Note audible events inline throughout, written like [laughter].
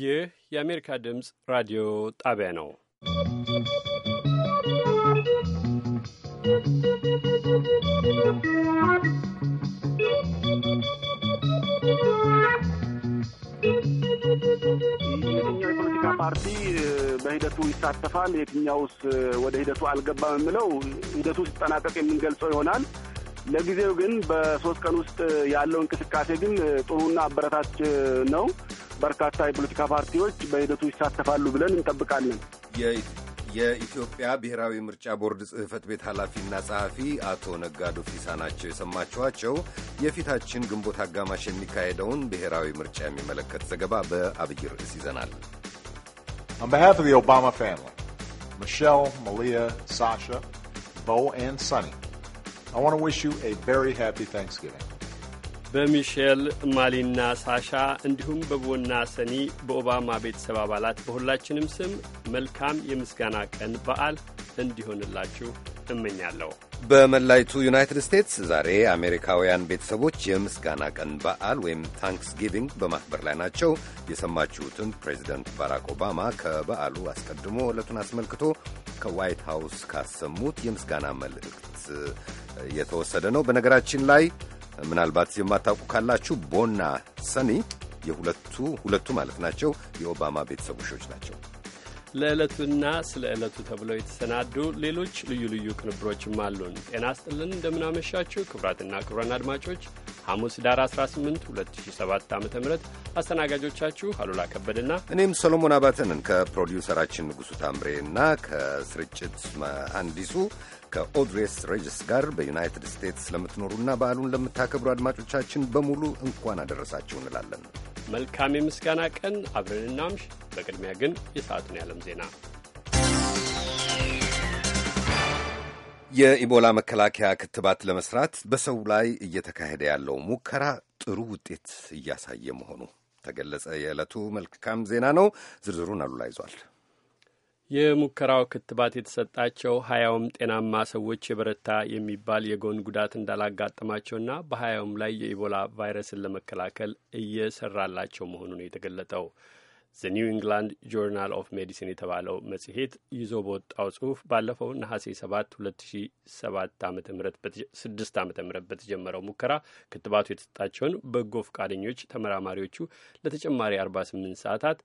ይህ የአሜሪካ ድምፅ ራዲዮ ጣቢያ ነው። የትኛው የፖለቲካ ፓርቲ በሂደቱ ይሳተፋል፣ የትኛውስ ወደ ሂደቱ አልገባም የምለው ሂደቱ ሲጠናቀቅ የምንገልጸው ይሆናል። ለጊዜው ግን በሶስት ቀን ውስጥ ያለው እንቅስቃሴ ግን ጥሩና አበረታች ነው። በርካታ የፖለቲካ ፓርቲዎች በሂደቱ ይሳተፋሉ ብለን እንጠብቃለን። የኢትዮጵያ ብሔራዊ ምርጫ ቦርድ ጽህፈት ቤት ኃላፊና ጸሐፊ አቶ ነጋዶ ፊሳ ናቸው የሰማችኋቸው። የፊታችን ግንቦት አጋማሽ የሚካሄደውን ብሔራዊ ምርጫ የሚመለከት ዘገባ በአብይ ርዕስ ይዘናል። On behalf of the Obama ቦ Michelle, I want to wish you a very happy Thanksgiving. በሚሼል ማሊና ሳሻ እንዲሁም በቦና ሰኒ በኦባማ ቤተሰብ አባላት በሁላችንም ስም መልካም የምስጋና ቀን በዓል እንዲሆንላችሁ እመኛለሁ። በመላይቱ ዩናይትድ ስቴትስ ዛሬ አሜሪካውያን ቤተሰቦች የምስጋና ቀን በዓል ወይም ታንክስጊቪንግ በማክበር ላይ ናቸው። የሰማችሁትን ፕሬዚደንት ባራክ ኦባማ ከበዓሉ አስቀድሞ ዕለቱን አስመልክቶ ከዋይት ሀውስ ካሰሙት የምስጋና መልእክት የተወሰደ ነው። በነገራችን ላይ ምናልባት የማታውቁ ካላችሁ ቦና ሰኒ የሁለቱ ሁለቱ ማለት ናቸው የኦባማ ቤተሰብ ውሾች ናቸው። ለዕለቱና ስለ ዕለቱ ተብለው የተሰናዱ ሌሎች ልዩ ልዩ ቅንብሮችም አሉን። ጤና ስጥልን፣ እንደምናመሻችሁ ክቡራትና ክቡራን አድማጮች ሐሙስ ዳር 18 2007 ዓ ም አስተናጋጆቻችሁ አሉላ ከበድና እኔም ሰሎሞን አባተንን ከፕሮዲውሰራችን ንጉሱ ታምሬና ከስርጭት መሐንዲሱ ከኦድሬስ ሬጅስ ጋር በዩናይትድ ስቴትስ ለምትኖሩና በዓሉን ለምታከብሩ አድማጮቻችን በሙሉ እንኳን አደረሳችሁ እንላለን። መልካም የምስጋና ቀን አብረን እናምሽ። በቅድሚያ ግን የሰዓቱን የዓለም ዜና የኢቦላ መከላከያ ክትባት ለመስራት በሰው ላይ እየተካሄደ ያለው ሙከራ ጥሩ ውጤት እያሳየ መሆኑ ተገለጸ። የዕለቱ መልካም ዜና ነው። ዝርዝሩን አሉላ ይዟል። የሙከራው ክትባት የተሰጣቸው ሀያውም ጤናማ ሰዎች የበረታ የሚባል የጎን ጉዳት እንዳላጋጠማቸውና በሀያውም ላይ የኢቦላ ቫይረስን ለመከላከል እየሰራላቸው መሆኑ ነው የተገለጠው። ዘ ኒው ኢንግላንድ ጆርናል ኦፍ ሜዲሲን የተባለው መጽሔት ይዞ በወጣው ጽሁፍ ባለፈው ነሐሴ 7 2007 ዓ ም ስድስት ዓ ም በተጀመረው ሙከራ ክትባቱ የተሰጣቸውን በጎ ፈቃደኞች ተመራማሪዎቹ ለተጨማሪ 48 ሰዓታት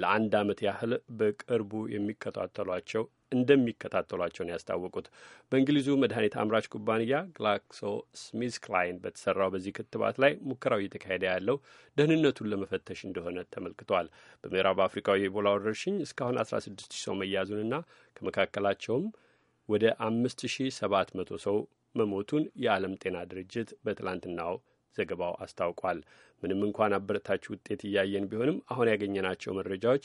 ለአንድ ዓመት ያህል በቅርቡ የሚከታተሏቸው እንደሚከታተሏቸው ነው ያስታወቁት። በእንግሊዙ መድኃኒት አምራች ኩባንያ ግላክሶ ስሚዝ ክላይን በተሰራው በዚህ ክትባት ላይ ሙከራው እየተካሄደ ያለው ደህንነቱን ለመፈተሽ እንደሆነ ተመልክቷል። በምዕራብ አፍሪካዊ የኢቦላ ወረርሽኝ እስካሁን 16 ሺህ ሰው መያዙንና ከመካከላቸውም ወደ 5700 ሰው መሞቱን የዓለም ጤና ድርጅት በትላንትናው ዘገባው አስታውቋል። ምንም እንኳን አበረታች ውጤት እያየን ቢሆንም አሁን ያገኘናቸው መረጃዎች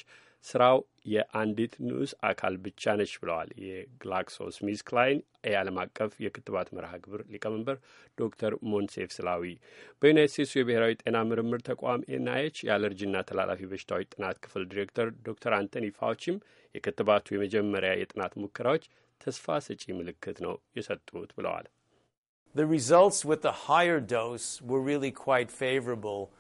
ስራው የአንዲት ንዑስ አካል ብቻ ነች ብለዋል የግላክሶ ስሚዝ ክላይን የዓለም አቀፍ የክትባት መርሃ ግብር ሊቀመንበር ዶክተር ሞንሴፍ ስላዊ። በዩናይት ስቴትሱ የብሔራዊ ጤና ምርምር ተቋም ኤንአይኤች የአለርጂና ተላላፊ በሽታዎች ጥናት ክፍል ዲሬክተር ዶክተር አንቶኒ ፋውቺም የክትባቱ የመጀመሪያ የጥናት ሙከራዎች ተስፋ ሰጪ ምልክት ነው የሰጡት ብለዋል። the results with the higher dose were really quite favorable.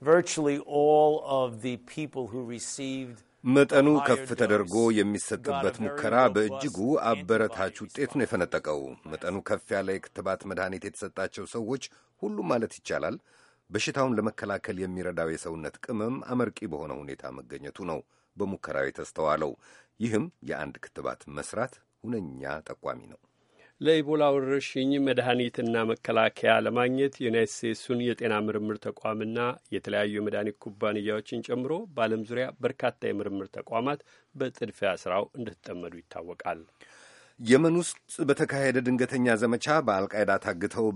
Virtually all of the people who received መጠኑ ከፍ ተደርጎ የሚሰጥበት ሙከራ በእጅጉ አበረታች ውጤት ነው የፈነጠቀው። መጠኑ ከፍ ያለ የክትባት መድኃኒት የተሰጣቸው ሰዎች ሁሉም ማለት ይቻላል በሽታውን ለመከላከል የሚረዳው የሰውነት ቅመም አመርቂ በሆነ ሁኔታ መገኘቱ ነው በሙከራው የተስተዋለው። ይህም የአንድ ክትባት መስራት ሁነኛ ጠቋሚ ነው። ለኢቦላ ወረርሽኝ መድኃኒትና መከላከያ ለማግኘት የዩናይት ስቴትሱን የጤና ምርምር ተቋምና የተለያዩ የመድኃኒት ኩባንያዎችን ጨምሮ በዓለም ዙሪያ በርካታ የምርምር ተቋማት በጥድፊያ ስራው እንደተጠመዱ ይታወቃል። የመን ውስጥ በተካሄደ ድንገተኛ ዘመቻ በአልቃይዳ ታግተው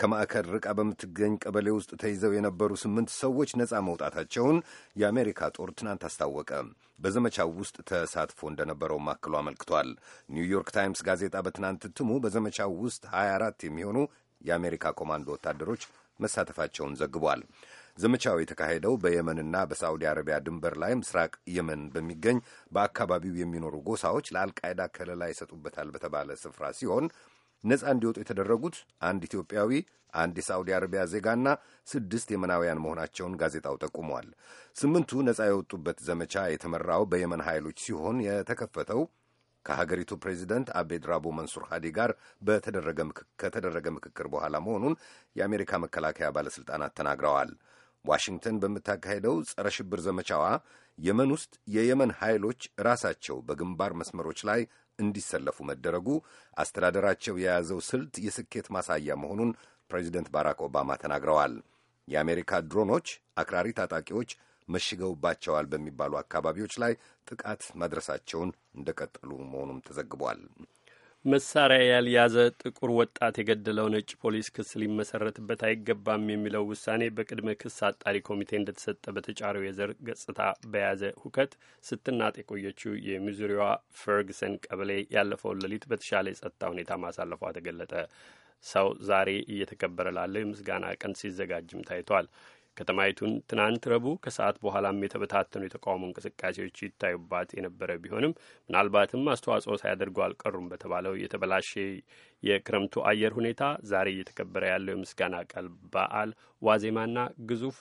ከማዕከል ርቃ በምትገኝ ቀበሌ ውስጥ ተይዘው የነበሩ ስምንት ሰዎች ነፃ መውጣታቸውን የአሜሪካ ጦር ትናንት አስታወቀ። በዘመቻው ውስጥ ተሳትፎ እንደነበረው አክሎ አመልክቷል። ኒውዮርክ ታይምስ ጋዜጣ በትናንት እትሙ በዘመቻው ውስጥ 24 የሚሆኑ የአሜሪካ ኮማንዶ ወታደሮች መሳተፋቸውን ዘግቧል። ዘመቻው የተካሄደው በየመንና በሳዑዲ አረቢያ ድንበር ላይ ምስራቅ የመን በሚገኝ በአካባቢው የሚኖሩ ጎሳዎች ለአልቃይዳ ከለላ ይሰጡበታል በተባለ ስፍራ ሲሆን ነፃ እንዲወጡ የተደረጉት አንድ ኢትዮጵያዊ፣ አንድ የሳዑዲ አረቢያ ዜጋና ስድስት የመናውያን መሆናቸውን ጋዜጣው ጠቁሟል። ስምንቱ ነፃ የወጡበት ዘመቻ የተመራው በየመን ኃይሎች ሲሆን የተከፈተው ከሀገሪቱ ፕሬዚደንት አቤድ ራቦ መንሱር ሃዲ ጋር ከተደረገ ምክክር በኋላ መሆኑን የአሜሪካ መከላከያ ባለሥልጣናት ተናግረዋል። ዋሽንግተን በምታካሄደው ጸረ ሽብር ዘመቻዋ የመን ውስጥ የየመን ኃይሎች ራሳቸው በግንባር መስመሮች ላይ እንዲሰለፉ መደረጉ አስተዳደራቸው የያዘው ስልት የስኬት ማሳያ መሆኑን ፕሬዚደንት ባራክ ኦባማ ተናግረዋል። የአሜሪካ ድሮኖች አክራሪ ታጣቂዎች መሽገውባቸዋል በሚባሉ አካባቢዎች ላይ ጥቃት ማድረሳቸውን እንደቀጠሉ መሆኑም ተዘግቧል። መሳሪያ ያልያዘ ጥቁር ወጣት የገደለው ነጭ ፖሊስ ክስ ሊመሰረትበት አይገባም የሚለው ውሳኔ በቅድመ ክስ አጣሪ ኮሚቴ እንደተሰጠ በተጫረው የዘር ገጽታ በያዘ ሁከት ስትናጥ የቆየችው የሚዙሪዋ ፈርግሰን ቀበሌ ያለፈውን ሌሊት በተሻለ የጸጥታ ሁኔታ ማሳለፏ ተገለጠ። ሰው ዛሬ እየተከበረ ላለው የምስጋና ቀን ሲዘጋጅም ታይቷል። ከተማይቱን ትናንት ረቡዕ ከሰዓት በኋላም የተበታተኑ የተቃውሞ እንቅስቃሴዎች ይታዩባት የነበረ ቢሆንም ምናልባትም አስተዋጽኦ ሳያደርጉ አልቀሩም በተባለው የተበላሸ የክረምቱ አየር ሁኔታ ዛሬ እየተከበረ ያለው የምስጋና ቀል በዓል ዋዜማና ግዙፍ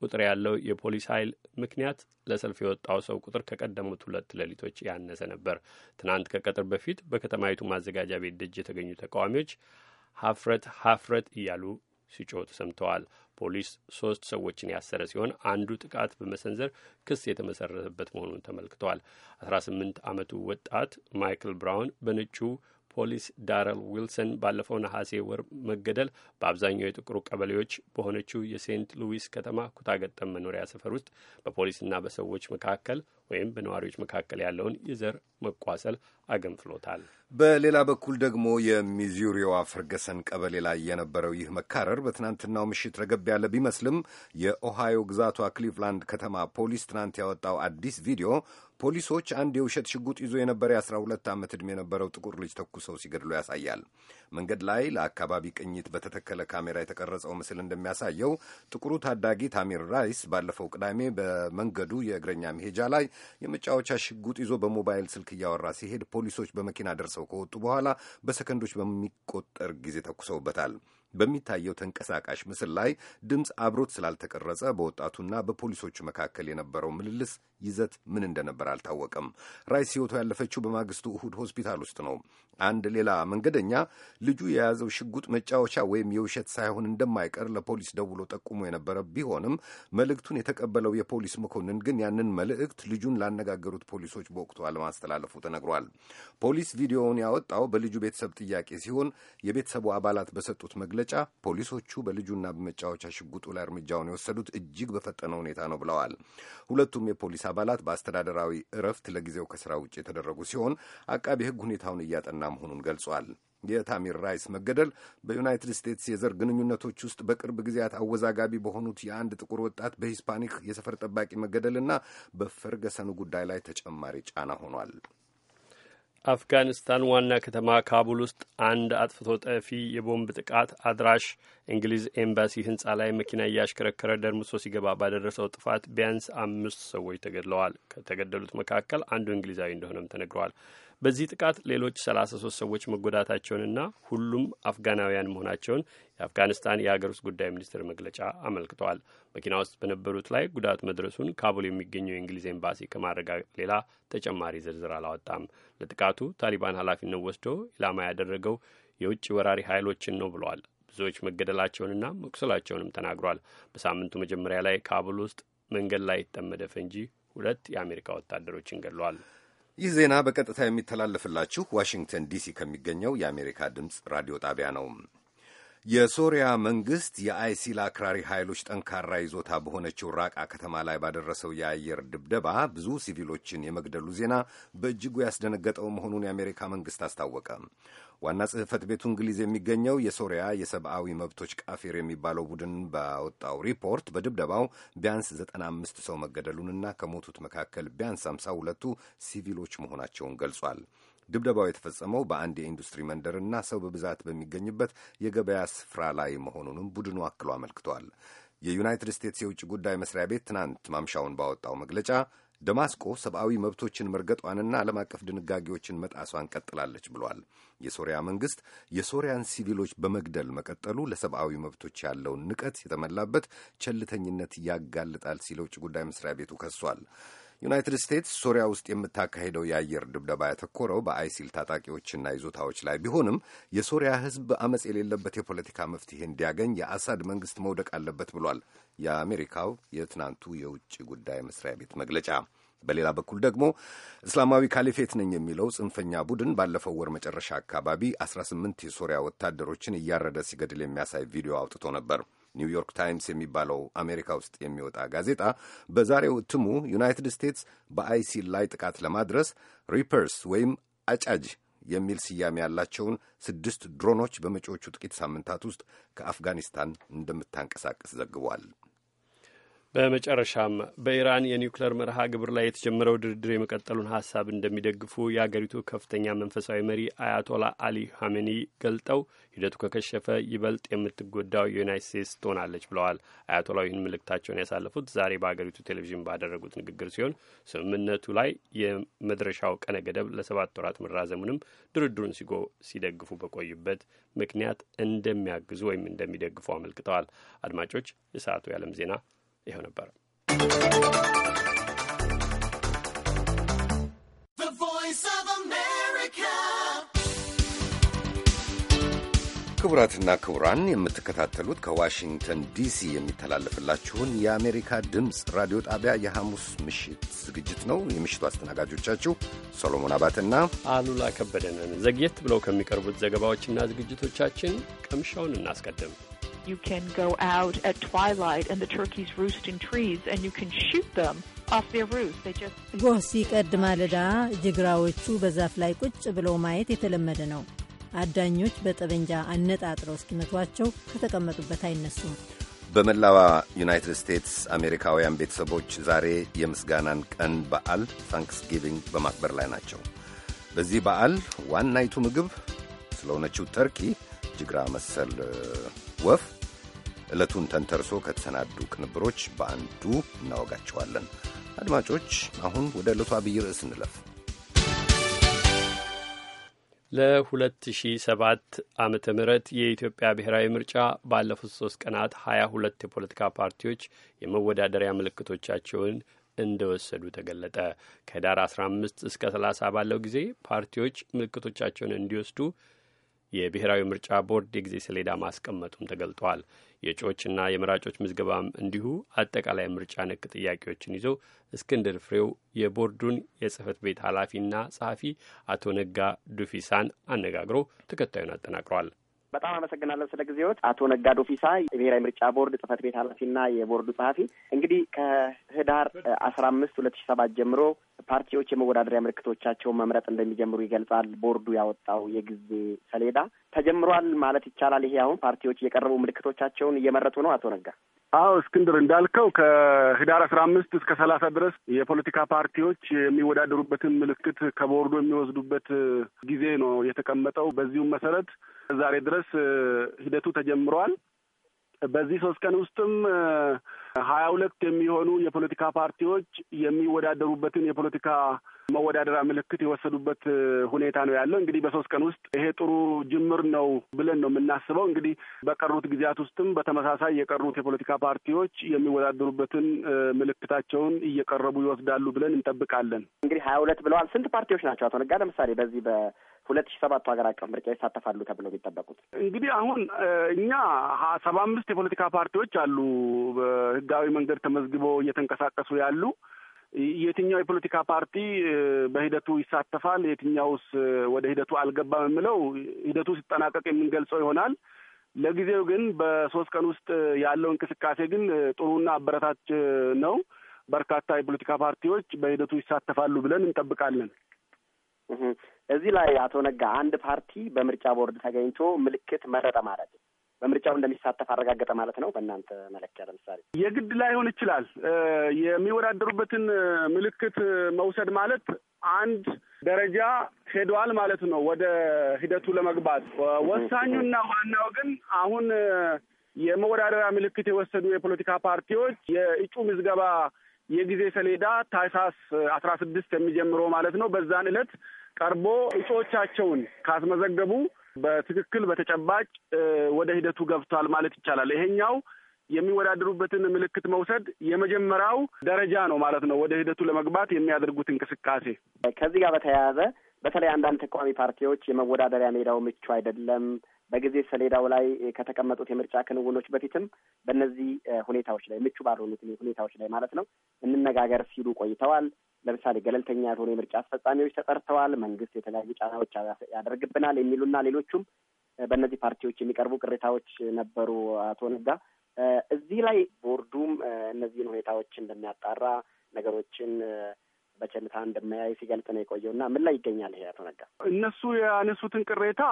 ቁጥር ያለው የፖሊስ ኃይል ምክንያት ለሰልፍ የወጣው ሰው ቁጥር ከቀደሙት ሁለት ሌሊቶች ያነሰ ነበር። ትናንት ከቀጥር በፊት በከተማይቱ ማዘጋጃ ቤት ደጅ የተገኙ ተቃዋሚዎች ሀፍረት ሀፍረት እያሉ ሲጮህ ተሰምተዋል። ፖሊስ ሶስት ሰዎችን ያሰረ ሲሆን አንዱ ጥቃት በመሰንዘር ክስ የተመሰረተበት መሆኑን አስራ ስምንት ዓመቱ ወጣት ማይክል ብራውን በነጩ ፖሊስ ዳረል ዊልሰን ባለፈው ነሐሴ ወር መገደል በአብዛኛው የጥቁሩ ቀበሌዎች በሆነችው የሴንት ሉዊስ ከተማ ኩታገጠም መኖሪያ ሰፈር ውስጥ በፖሊስና በሰዎች መካከል ወይም በነዋሪዎች መካከል ያለውን የዘር መቋሰል አገንፍሎታል። በሌላ በኩል ደግሞ የሚዙሪዋ ፈርገሰን ቀበሌ ላይ የነበረው ይህ መካረር በትናንትናው ምሽት ረገብ ያለ ቢመስልም የኦሃዮ ግዛቷ ክሊቭላንድ ከተማ ፖሊስ ትናንት ያወጣው አዲስ ቪዲዮ ፖሊሶች አንድ የውሸት ሽጉጥ ይዞ የነበረ የአስራ 12 ዓመት ዕድሜ የነበረው ጥቁር ልጅ ተኩሰው ሲገድሎ ያሳያል። መንገድ ላይ ለአካባቢ ቅኝት በተተከለ ካሜራ የተቀረጸው ምስል እንደሚያሳየው ጥቁሩ ታዳጊ ታሚር ራይስ ባለፈው ቅዳሜ በመንገዱ የእግረኛ መሄጃ ላይ የመጫወቻ ሽጉጥ ይዞ በሞባይል ስልክ እያወራ ሲሄድ ፖሊሶች በመኪና ደርሰው ከወጡ በኋላ በሰከንዶች በሚቆጠር ጊዜ ተኩሰውበታል። በሚታየው ተንቀሳቃሽ ምስል ላይ ድምፅ አብሮት ስላልተቀረጸ በወጣቱና በፖሊሶቹ መካከል የነበረው ምልልስ ይዘት ምን እንደነበር አልታወቀም። ራይስ ሕይወቱ ያለፈችው በማግስቱ እሁድ ሆስፒታል ውስጥ ነው። አንድ ሌላ መንገደኛ ልጁ የያዘው ሽጉጥ መጫወቻ ወይም የውሸት ሳይሆን እንደማይቀር ለፖሊስ ደውሎ ጠቁሞ የነበረ ቢሆንም መልእክቱን የተቀበለው የፖሊስ መኮንን ግን ያንን መልእክት ልጁን ላነጋገሩት ፖሊሶች በወቅቱ አለማስተላለፉ ተነግሯል። ፖሊስ ቪዲዮውን ያወጣው በልጁ ቤተሰብ ጥያቄ ሲሆን የቤተሰቡ አባላት በሰጡት መግለ መግለጫ ፖሊሶቹ በልጁና በመጫወቻ ሽጉጡ ላይ እርምጃውን የወሰዱት እጅግ በፈጠነ ሁኔታ ነው ብለዋል። ሁለቱም የፖሊስ አባላት በአስተዳደራዊ እረፍት ለጊዜው ከስራ ውጭ የተደረጉ ሲሆን አቃቢ ሕግ ሁኔታውን እያጠና መሆኑን ገልጿል። የታሚር ራይስ መገደል በዩናይትድ ስቴትስ የዘር ግንኙነቶች ውስጥ በቅርብ ጊዜያት አወዛጋቢ በሆኑት የአንድ ጥቁር ወጣት በሂስፓኒክ የሰፈር ጠባቂ መገደልና በፈርገሰኑ ጉዳይ ላይ ተጨማሪ ጫና ሆኗል። አፍጋኒስታን ዋና ከተማ ካቡል ውስጥ አንድ አጥፍቶ ጠፊ የቦምብ ጥቃት አድራሽ እንግሊዝ ኤምባሲ ህንጻ ላይ መኪና እያሽከረከረ ደርምሶ ሲገባ ባደረሰው ጥፋት ቢያንስ አምስት ሰዎች ተገድለዋል። ከተገደሉት መካከል አንዱ እንግሊዛዊ እንደሆነም ተነግረዋል። በዚህ ጥቃት ሌሎች 33 ሰዎች መጎዳታቸውንና ሁሉም አፍጋናውያን መሆናቸውን የአፍጋኒስታን የሀገር ውስጥ ጉዳይ ሚኒስትር መግለጫ አመልክተዋል። መኪና ውስጥ በነበሩት ላይ ጉዳት መድረሱን ካቡል የሚገኘው የእንግሊዝ ኤምባሲ ከማረጋገጥ ሌላ ተጨማሪ ዝርዝር አላወጣም። ለጥቃቱ ታሊባን ኃላፊነት ወስዶ ኢላማ ያደረገው የውጭ ወራሪ ኃይሎችን ነው ብለዋል። ብዙዎች መገደላቸውንና መቁሰላቸውንም ተናግሯል። በሳምንቱ መጀመሪያ ላይ ካቡል ውስጥ መንገድ ላይ የተጠመደ ፈንጂ ሁለት የአሜሪካ ወታደሮችን ገድለዋል። ይህ ዜና በቀጥታ የሚተላለፍላችሁ ዋሽንግተን ዲሲ ከሚገኘው የአሜሪካ ድምፅ ራዲዮ ጣቢያ ነው። የሶሪያ መንግስት የአይሲል አክራሪ ኃይሎች ጠንካራ ይዞታ በሆነችው ራቃ ከተማ ላይ ባደረሰው የአየር ድብደባ ብዙ ሲቪሎችን የመግደሉ ዜና በእጅጉ ያስደነገጠው መሆኑን የአሜሪካ መንግስት አስታወቀ። ዋና ጽህፈት ቤቱ እንግሊዝ የሚገኘው የሶሪያ የሰብአዊ መብቶች ቃፊር የሚባለው ቡድን ባወጣው ሪፖርት በድብደባው ቢያንስ 95 ሰው መገደሉንና ከሞቱት መካከል ቢያንስ 52ቱ ሲቪሎች መሆናቸውን ገልጿል። ድብደባው የተፈጸመው በአንድ የኢንዱስትሪ መንደርና ሰው በብዛት በሚገኝበት የገበያ ስፍራ ላይ መሆኑንም ቡድኑ አክሎ አመልክቷል። የዩናይትድ ስቴትስ የውጭ ጉዳይ መስሪያ ቤት ትናንት ማምሻውን ባወጣው መግለጫ ደማስቆ ሰብአዊ መብቶችን መርገጧንና ዓለም አቀፍ ድንጋጌዎችን መጣሷን ቀጥላለች ብሏል። የሶሪያ መንግስት የሶሪያን ሲቪሎች በመግደል መቀጠሉ ለሰብአዊ መብቶች ያለውን ንቀት የተመላበት ቸልተኝነት ያጋልጣል ሲል የውጭ ጉዳይ መስሪያ ቤቱ ከሷል። ዩናይትድ ስቴትስ ሶሪያ ውስጥ የምታካሄደው የአየር ድብደባ ያተኮረው በአይሲል ታጣቂዎችና ይዞታዎች ላይ ቢሆንም የሶሪያ ሕዝብ አመፅ የሌለበት የፖለቲካ መፍትሄ እንዲያገኝ የአሳድ መንግስት መውደቅ አለበት ብሏል የአሜሪካው የትናንቱ የውጭ ጉዳይ መስሪያ ቤት መግለጫ። በሌላ በኩል ደግሞ እስላማዊ ካሊፌት ነኝ የሚለው ጽንፈኛ ቡድን ባለፈው ወር መጨረሻ አካባቢ 18 የሶሪያ ወታደሮችን እያረደ ሲገድል የሚያሳይ ቪዲዮ አውጥቶ ነበር። ኒውዮርክ ታይምስ የሚባለው አሜሪካ ውስጥ የሚወጣ ጋዜጣ በዛሬው እትሙ ዩናይትድ ስቴትስ በአይሲል ላይ ጥቃት ለማድረስ ሪፐርስ ወይም አጫጅ የሚል ስያሜ ያላቸውን ስድስት ድሮኖች በመጪዎቹ ጥቂት ሳምንታት ውስጥ ከአፍጋኒስታን እንደምታንቀሳቀስ ዘግቧል። በመጨረሻም በኢራን የኒውክሌር መርሃ ግብር ላይ የተጀመረው ድርድር የመቀጠሉን ሀሳብ እንደሚደግፉ የአገሪቱ ከፍተኛ መንፈሳዊ መሪ አያቶላ አሊ ሀሜኒ ገልጠው ሂደቱ ከከሸፈ ይበልጥ የምትጎዳው የዩናይት ስቴትስ ትሆናለች ብለዋል። አያቶላ ይህን መልእክታቸውን ያሳለፉት ዛሬ በአገሪቱ ቴሌቪዥን ባደረጉት ንግግር ሲሆን ስምምነቱ ላይ የመድረሻው ቀነ ገደብ ለሰባት ወራት መራዘሙንም ድርድሩን ሲጎ ሲደግፉ በቆዩበት ምክንያት እንደሚያግዙ ወይም እንደሚደግፉ አመልክተዋል። አድማጮች የሰዓቱ የዓለም ዜና ይኸው ነበር። ክቡራትና ክቡራን የምትከታተሉት ከዋሽንግተን ዲሲ የሚተላለፍላችሁን የአሜሪካ ድምፅ ራዲዮ ጣቢያ የሐሙስ ምሽት ዝግጅት ነው። የምሽቱ አስተናጋጆቻችሁ ሰሎሞን አባትና አሉላ ከበደ ነን። ዘግየት ብለው ከሚቀርቡት ዘገባዎችና ዝግጅቶቻችን ቅምሻውን እናስቀድም። you can go out at twilight and the turkeys roost in trees and you can shoot them off their roost. They just... ጎህ ሲቀድ ማለዳ ጅግራዎቹ በዛፍ ላይ ቁጭ ብለው ማየት የተለመደ ነው። አዳኞች በጠበንጃ አነጣጥረው እስኪመቷቸው ከተቀመጡበት አይነሱም። በመላዋ ዩናይትድ ስቴትስ አሜሪካውያን ቤተሰቦች ዛሬ የምስጋናን ቀን በዓል ታንክስጊቪንግ በማክበር ላይ ናቸው። በዚህ በዓል ዋናይቱ ምግብ ስለሆነችው ተርኪ ጅግራ መሰል ወፍ ዕለቱን ተንተርሶ ከተሰናዱ ቅንብሮች በአንዱ እናወጋቸዋለን። አድማጮች፣ አሁን ወደ ዕለቱ አብይ ርዕስ እንለፍ። ለ2007 ዓ ምህረት የኢትዮጵያ ብሔራዊ ምርጫ ባለፉት ሶስት ቀናት 22 የፖለቲካ ፓርቲዎች የመወዳደሪያ ምልክቶቻቸውን እንደወሰዱ ተገለጠ። ከህዳር 15 እስከ 30 ባለው ጊዜ ፓርቲዎች ምልክቶቻቸውን እንዲወስዱ የብሔራዊ ምርጫ ቦርድ የጊዜ ሰሌዳ ማስቀመጡም ተገልጧል። የእጩዎችና የመራጮች ምዝገባም እንዲሁ አጠቃላይ ምርጫ ነክ ጥያቄዎችን ይዘው እስክንድር ፍሬው የቦርዱን የጽህፈት ቤት ኃላፊና ጸሐፊ አቶ ነጋ ዱፊሳን አነጋግሮ ተከታዩን አጠናቅረዋል። በጣም አመሰግናለሁ ስለ ጊዜዎች አቶ ነጋዶ ፊሳ የብሔራዊ ምርጫ ቦርድ ጽህፈት ቤት ኃላፊና የቦርዱ ጸሐፊ። እንግዲህ ከህዳር አስራ አምስት ሁለት ሺ ሰባት ጀምሮ ፓርቲዎች የመወዳደሪያ ምልክቶቻቸውን መምረጥ እንደሚጀምሩ ይገልጻል ቦርዱ ያወጣው የጊዜ ሰሌዳ። ተጀምሯል ማለት ይቻላል። ይሄ አሁን ፓርቲዎች እየቀረቡ ምልክቶቻቸውን እየመረጡ ነው። አቶ ነጋ አዎ እስክንድር እንዳልከው ከህዳር አስራ አምስት እስከ ሰላሳ ድረስ የፖለቲካ ፓርቲዎች የሚወዳደሩበትን ምልክት ከቦርዱ የሚወስዱበት ጊዜ ነው የተቀመጠው። በዚሁም መሰረት ዛሬ ድረስ ሂደቱ ተጀምሯል። በዚህ ሶስት ቀን ውስጥም ሀያ ሁለት የሚሆኑ የፖለቲካ ፓርቲዎች የሚወዳደሩበትን የፖለቲካ መወዳደሪያ ምልክት የወሰዱበት ሁኔታ ነው ያለው። እንግዲህ በሶስት ቀን ውስጥ ይሄ ጥሩ ጅምር ነው ብለን ነው የምናስበው። እንግዲህ በቀሩት ጊዜያት ውስጥም በተመሳሳይ የቀሩት የፖለቲካ ፓርቲዎች የሚወዳደሩበትን ምልክታቸውን እየቀረቡ ይወስዳሉ ብለን እንጠብቃለን። እንግዲህ ሀያ ሁለት ብለዋል። ስንት ፓርቲዎች ናቸው አቶ ነጋ? ለምሳሌ በዚህ በ ሁለት ሺ ሰባቱ ሀገር አቀፍ ምርጫ ይሳተፋሉ ተብሎ የሚጠበቁት እንግዲህ አሁን እኛ ሰባ አምስት የፖለቲካ ፓርቲዎች አሉ በህጋዊ መንገድ ተመዝግበው እየተንቀሳቀሱ ያሉ የትኛው የፖለቲካ ፓርቲ በሂደቱ ይሳተፋል፣ የትኛውስ ወደ ሂደቱ አልገባም የምለው ሂደቱ ሲጠናቀቅ የምንገልጸው ይሆናል። ለጊዜው ግን በሶስት ቀን ውስጥ ያለው እንቅስቃሴ ግን ጥሩና አበረታች ነው። በርካታ የፖለቲካ ፓርቲዎች በሂደቱ ይሳተፋሉ ብለን እንጠብቃለን። እዚህ ላይ አቶ ነጋ አንድ ፓርቲ በምርጫ ቦርድ ተገኝቶ ምልክት መረጠ ማለት በምርጫው እንደሚሳተፍ አረጋገጠ ማለት ነው። በእናንተ መለኪያ ለምሳሌ የግድ ላይሆን ይችላል። የሚወዳደሩበትን ምልክት መውሰድ ማለት አንድ ደረጃ ሄደዋል ማለት ነው። ወደ ሂደቱ ለመግባት ወሳኙና ዋናው ግን አሁን የመወዳደሪያ ምልክት የወሰዱ የፖለቲካ ፓርቲዎች የእጩ ምዝገባ የጊዜ ሰሌዳ ታህሳስ አስራ ስድስት የሚጀምረው ማለት ነው። በዛን ዕለት ቀርቦ እጩዎቻቸውን ካስመዘገቡ በትክክል በተጨባጭ ወደ ሂደቱ ገብቷል ማለት ይቻላል። ይሄኛው የሚወዳደሩበትን ምልክት መውሰድ የመጀመሪያው ደረጃ ነው ማለት ነው፣ ወደ ሂደቱ ለመግባት የሚያደርጉት እንቅስቃሴ። ከዚህ ጋር በተያያዘ በተለይ አንዳንድ ተቃዋሚ ፓርቲዎች የመወዳደሪያ ሜዳው ምቹ አይደለም፣ በጊዜ ሰሌዳው ላይ ከተቀመጡት የምርጫ ክንውኖች በፊትም በእነዚህ ሁኔታዎች ላይ ምቹ ባልሆኑት ሁኔታዎች ላይ ማለት ነው እንነጋገር ሲሉ ቆይተዋል። ለምሳሌ ገለልተኛ ያልሆኑ የምርጫ አስፈጻሚዎች ተጠርተዋል፣ መንግስት የተለያዩ ጫናዎች ያደርግብናል የሚሉና ሌሎቹም በእነዚህ ፓርቲዎች የሚቀርቡ ቅሬታዎች ነበሩ። አቶ ነጋ እዚህ ላይ ቦርዱም እነዚህን ሁኔታዎች እንደሚያጣራ ነገሮችን በቸልታ እንደማያይ ሲገልጽ ነው የቆየው እና ምን ላይ ይገኛል ይሄ አቶ ነጋ? እነሱ ያነሱትን ቅሬታ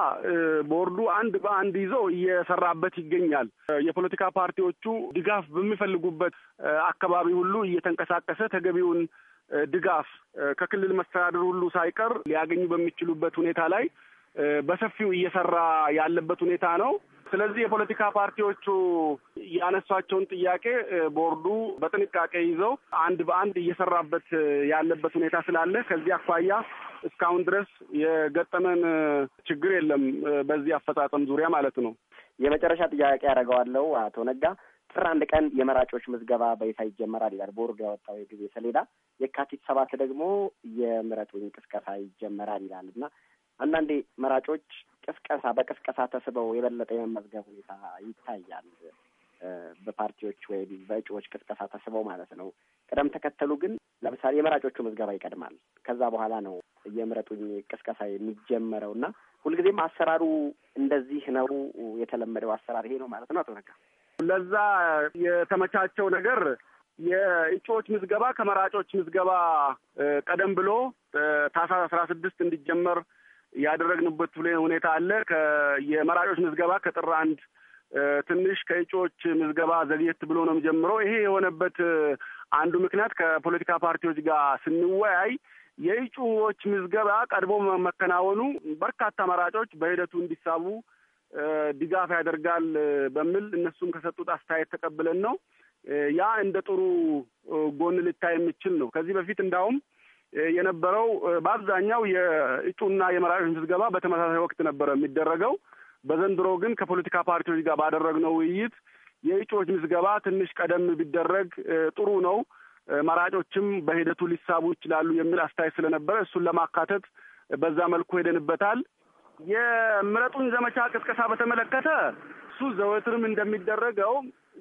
ቦርዱ አንድ በአንድ ይዞ እየሰራበት ይገኛል። የፖለቲካ ፓርቲዎቹ ድጋፍ በሚፈልጉበት አካባቢ ሁሉ እየተንቀሳቀሰ ተገቢውን ድጋፍ ከክልል መስተዳድር ሁሉ ሳይቀር ሊያገኙ በሚችሉበት ሁኔታ ላይ በሰፊው እየሰራ ያለበት ሁኔታ ነው። ስለዚህ የፖለቲካ ፓርቲዎቹ ያነሷቸውን ጥያቄ ቦርዱ በጥንቃቄ ይዘው አንድ በአንድ እየሰራበት ያለበት ሁኔታ ስላለ ከዚህ አኳያ እስካሁን ድረስ የገጠመን ችግር የለም። በዚህ አፈጻጸም ዙሪያ ማለት ነው። የመጨረሻ ጥያቄ ያደርገዋለሁ አቶ ነጋ ጥር አንድ ቀን የመራጮች ምዝገባ በይፋ ይጀመራል ይላል ቦርዱ ያወጣው የጊዜ ሰሌዳ። የካቲት ሰባት ደግሞ የምረጡኝ ቅስቀሳ ይጀመራል ይላል እና አንዳንዴ መራጮች ቅስቀሳ በቅስቀሳ ተስበው የበለጠ የመመዝገብ ሁኔታ ይታያል። በፓርቲዎች ወይም በእጩዎች ቅስቀሳ ተስበው ማለት ነው። ቅደም ተከተሉ ግን ለምሳሌ የመራጮቹ ምዝገባ ይቀድማል። ከዛ በኋላ ነው የምረጡኝ ቅስቀሳ የሚጀመረው እና ሁልጊዜም አሰራሩ እንደዚህ ነው። የተለመደው አሰራር ይሄ ነው ማለት ነው። አቶ ነጋ ለዛ የተመቻቸው ነገር የእጩዎች ምዝገባ ከመራጮች ምዝገባ ቀደም ብሎ ታህሳስ አስራ ስድስት እንዲጀመር ያደረግንበት ሁኔታ አለ። የመራጮች ምዝገባ ከጥር አንድ ትንሽ ከእጩዎች ምዝገባ ዘግየት ብሎ ነው ጀምሮ ይሄ የሆነበት አንዱ ምክንያት ከፖለቲካ ፓርቲዎች ጋር ስንወያይ የእጩዎች ምዝገባ ቀድሞ መከናወኑ በርካታ መራጮች በሂደቱ እንዲሳቡ ድጋፍ ያደርጋል በሚል እነሱም ከሰጡት አስተያየት ተቀብለን ነው። ያ እንደ ጥሩ ጎን ልታይ የሚችል ነው። ከዚህ በፊት እንዳውም የነበረው በአብዛኛው የእጩና የመራጮች ምዝገባ በተመሳሳይ ወቅት ነበረ የሚደረገው። በዘንድሮ ግን ከፖለቲካ ፓርቲዎች ጋር ባደረግነው ውይይት የእጩዎች ምዝገባ ትንሽ ቀደም ቢደረግ ጥሩ ነው፣ መራጮችም በሂደቱ ሊሳቡ ይችላሉ የሚል አስተያየት ስለነበረ እሱን ለማካተት በዛ መልኩ ሄደንበታል። የምረጡን ዘመቻ ቅስቀሳ በተመለከተ እሱ ዘወትርም እንደሚደረገው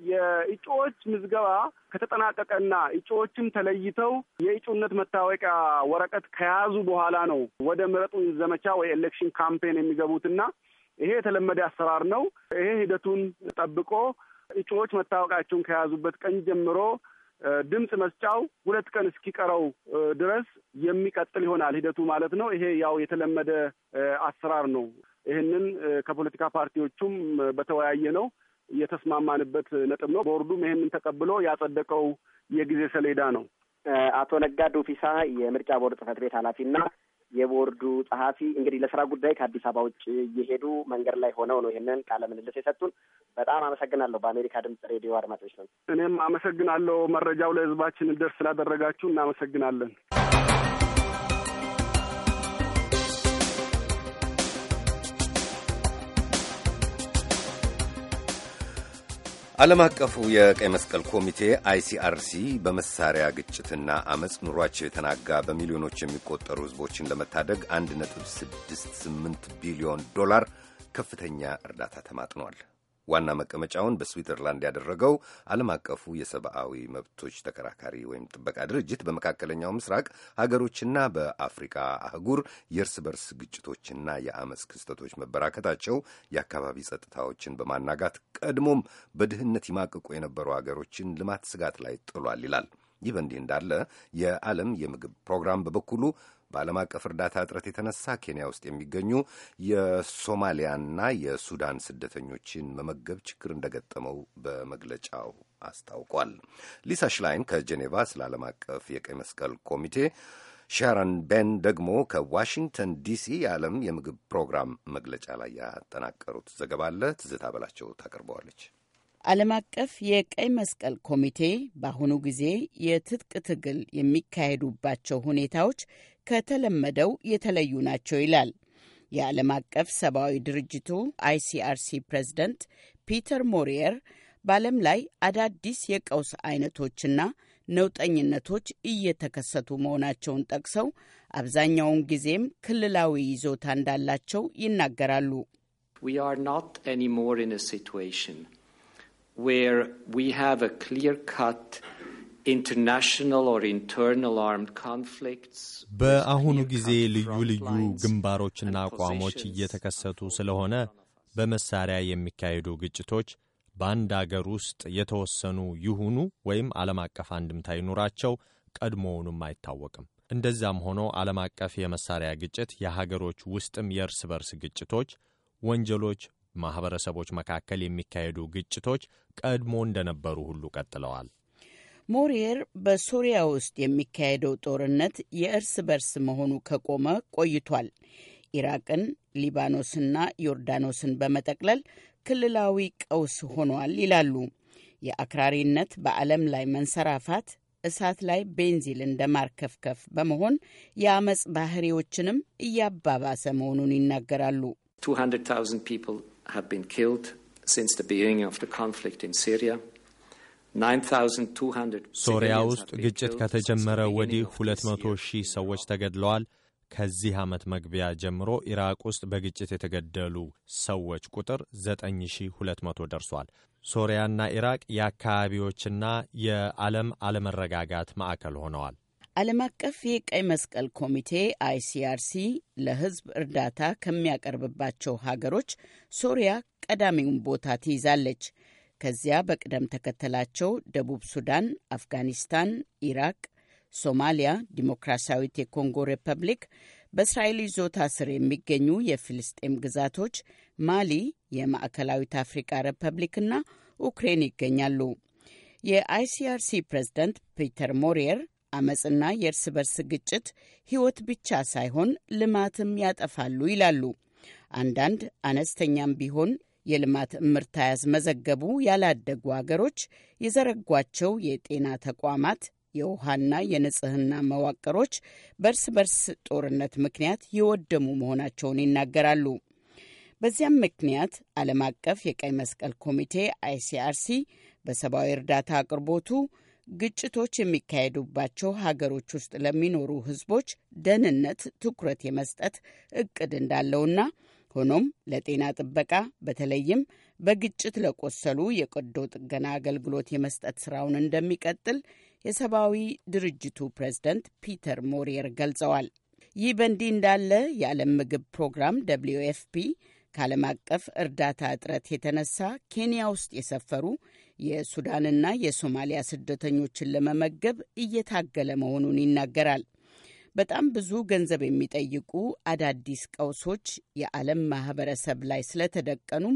የእጩዎች ምዝገባ ከተጠናቀቀና እጩዎችም ተለይተው የእጩነት መታወቂያ ወረቀት ከያዙ በኋላ ነው ወደ ምረጡኝ ዘመቻ ወይ ኤሌክሽን ካምፔን የሚገቡትና ይሄ የተለመደ አሰራር ነው። ይሄ ሂደቱን ጠብቆ እጩዎች መታወቂያቸውን ከያዙበት ቀን ጀምሮ ድምፅ መስጫው ሁለት ቀን እስኪቀረው ድረስ የሚቀጥል ይሆናል ሂደቱ ማለት ነው። ይሄ ያው የተለመደ አሰራር ነው። ይህንን ከፖለቲካ ፓርቲዎቹም በተወያየ ነው የተስማማንበት ነጥብ ነው። ቦርዱም ይህንን ተቀብሎ ያጸደቀው የጊዜ ሰሌዳ ነው። አቶ ነጋ ዱፊሳ የምርጫ ቦርድ ጽህፈት ቤት ኃላፊና የቦርዱ ጸሐፊ እንግዲህ ለስራ ጉዳይ ከአዲስ አበባ ውጭ እየሄዱ መንገድ ላይ ሆነው ነው ይህንን ቃለ ምልልስ የሰጡን። በጣም አመሰግናለሁ። በአሜሪካ ድምጽ ሬዲዮ አድማጮች ነው። እኔም አመሰግናለሁ። መረጃው ለህዝባችን ደርስ ስላደረጋችሁ እናመሰግናለን። ዓለም አቀፉ የቀይ መስቀል ኮሚቴ አይሲአርሲ በመሳሪያ ግጭትና አመፅ ኑሯቸው የተናጋ በሚሊዮኖች የሚቆጠሩ ሕዝቦችን ለመታደግ 1.68 ቢሊዮን ዶላር ከፍተኛ እርዳታ ተማጥኗል። ዋና መቀመጫውን በስዊዘርላንድ ያደረገው ዓለም አቀፉ የሰብአዊ መብቶች ተከራካሪ ወይም ጥበቃ ድርጅት በመካከለኛው ምስራቅ ሀገሮችና በአፍሪካ አህጉር የእርስ በርስ ግጭቶችና የአመፅ ክስተቶች መበራከታቸው የአካባቢ ጸጥታዎችን በማናጋት ቀድሞም በድህነት ይማቅቁ የነበሩ ሀገሮችን ልማት ስጋት ላይ ጥሏል ይላል። ይህ በእንዲህ እንዳለ የዓለም የምግብ ፕሮግራም በበኩሉ በዓለም አቀፍ እርዳታ እጥረት የተነሳ ኬንያ ውስጥ የሚገኙ የሶማሊያና የሱዳን ስደተኞችን መመገብ ችግር እንደገጠመው በመግለጫው አስታውቋል። ሊሳ ሽላይን ከጄኔቫ ስለ ዓለም አቀፍ የቀይ መስቀል ኮሚቴ፣ ሻረን ቤን ደግሞ ከዋሽንግተን ዲሲ የዓለም የምግብ ፕሮግራም መግለጫ ላይ ያጠናቀሩት ዘገባ አለ። ትዝታ በላቸው ታቀርበዋለች። ዓለም አቀፍ የቀይ መስቀል ኮሚቴ በአሁኑ ጊዜ የትጥቅ ትግል የሚካሄዱባቸው ሁኔታዎች ከተለመደው የተለዩ ናቸው ይላል። የዓለም አቀፍ ሰብአዊ ድርጅቱ አይሲአርሲ ፕሬዝደንት ፒተር ሞሪየር በዓለም ላይ አዳዲስ የቀውስ አይነቶችና ነውጠኝነቶች እየተከሰቱ መሆናቸውን ጠቅሰው አብዛኛውን ጊዜም ክልላዊ ይዞታ እንዳላቸው ይናገራሉ። ካት በአሁኑ ጊዜ ልዩ ልዩ ግንባሮችና አቋሞች እየተከሰቱ ስለሆነ በመሳሪያ የሚካሄዱ ግጭቶች በአንድ አገር ውስጥ የተወሰኑ ይሁኑ ወይም ዓለም አቀፍ አንድምታ ይኑራቸው ቀድሞውንም አይታወቅም። እንደዚያም ሆኖ ዓለም አቀፍ የመሳሪያ ግጭት፣ የሀገሮች ውስጥም የእርስ በርስ ግጭቶች፣ ወንጀሎች፣ ማኅበረሰቦች መካከል የሚካሄዱ ግጭቶች ቀድሞ እንደነበሩ ሁሉ ቀጥለዋል። ሞሪየር በሶሪያ ውስጥ የሚካሄደው ጦርነት የእርስ በርስ መሆኑ ከቆመ ቆይቷል። ኢራቅን፣ ሊባኖስና ዮርዳኖስን በመጠቅለል ክልላዊ ቀውስ ሆኗል ይላሉ። የአክራሪነት በዓለም ላይ መንሰራፋት እሳት ላይ ቤንዚል እንደ ማርከፍከፍ በመሆን የአመፅ ባህሪዎችንም እያባባሰ መሆኑን ይናገራሉ። ሁለት መቶ ሺህ ሰዎች ሶሪያ ውስጥ ግጭት ከተጀመረ ወዲህ 200 ሺህ ሰዎች ተገድለዋል። ከዚህ ዓመት መግቢያ ጀምሮ ኢራቅ ውስጥ በግጭት የተገደሉ ሰዎች ቁጥር 9200 ደርሷል። ሶሪያና ኢራቅ የአካባቢዎችና የዓለም አለመረጋጋት ማዕከል ሆነዋል። ዓለም አቀፍ የቀይ መስቀል ኮሚቴ አይሲአርሲ ለሕዝብ እርዳታ ከሚያቀርብባቸው ሀገሮች ሶሪያ ቀዳሚውን ቦታ ትይዛለች። ከዚያ በቅደም ተከተላቸው ደቡብ ሱዳን፣ አፍጋኒስታን፣ ኢራቅ፣ ሶማሊያ፣ ዲሞክራሲያዊት የኮንጎ ሪፐብሊክ፣ በእስራኤል ይዞታ ስር የሚገኙ የፊልስጤም ግዛቶች፣ ማሊ፣ የማዕከላዊት አፍሪካ ሪፐብሊክና ዩክሬን ይገኛሉ። የአይሲአርሲ ፕሬዝዳንት ፒተር ሞሪየር አመፅና የእርስ በርስ ግጭት ሕይወት ብቻ ሳይሆን ልማትም ያጠፋሉ ይላሉ። አንዳንድ አነስተኛም ቢሆን የልማት እምርታ ያስመዘገቡ ያላደጉ አገሮች የዘረጓቸው የጤና ተቋማት የውሃና የንጽህና መዋቅሮች በእርስ በርስ ጦርነት ምክንያት የወደሙ መሆናቸውን ይናገራሉ። በዚያም ምክንያት ዓለም አቀፍ የቀይ መስቀል ኮሚቴ አይሲአርሲ በሰብአዊ እርዳታ አቅርቦቱ ግጭቶች የሚካሄዱባቸው ሀገሮች ውስጥ ለሚኖሩ ህዝቦች ደህንነት ትኩረት የመስጠት እቅድ እንዳለውና ሆኖም ለጤና ጥበቃ በተለይም በግጭት ለቆሰሉ የቀዶ ጥገና አገልግሎት የመስጠት ስራውን እንደሚቀጥል የሰብአዊ ድርጅቱ ፕሬዝደንት ፒተር ሞሪየር ገልጸዋል። ይህ በእንዲህ እንዳለ የዓለም ምግብ ፕሮግራም ደብልዩ ኤፍፒ ከዓለም አቀፍ እርዳታ እጥረት የተነሳ ኬንያ ውስጥ የሰፈሩ የሱዳንና የሶማሊያ ስደተኞችን ለመመገብ እየታገለ መሆኑን ይናገራል። በጣም ብዙ ገንዘብ የሚጠይቁ አዳዲስ ቀውሶች የዓለም ማህበረሰብ ላይ ስለተደቀኑም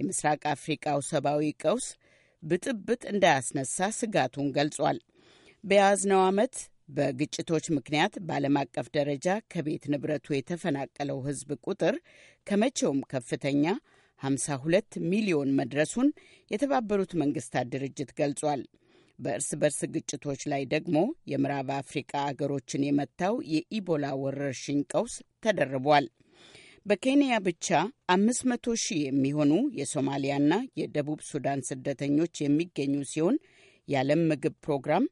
የምስራቅ አፍሪቃው ሰብአዊ ቀውስ ብጥብጥ እንዳያስነሳ ስጋቱን ገልጿል። በያዝነው ዓመት በግጭቶች ምክንያት በዓለም አቀፍ ደረጃ ከቤት ንብረቱ የተፈናቀለው ሕዝብ ቁጥር ከመቼውም ከፍተኛ 52 ሚሊዮን መድረሱን የተባበሩት መንግስታት ድርጅት ገልጿል። በእርስ በርስ ግጭቶች ላይ ደግሞ የምዕራብ አፍሪቃ አገሮችን የመታው የኢቦላ ወረርሽኝ ቀውስ ተደርቧል። በኬንያ ብቻ አምስት መቶ ሺህ የሚሆኑ የሶማሊያና የደቡብ ሱዳን ስደተኞች የሚገኙ ሲሆን የዓለም ምግብ ፕሮግራም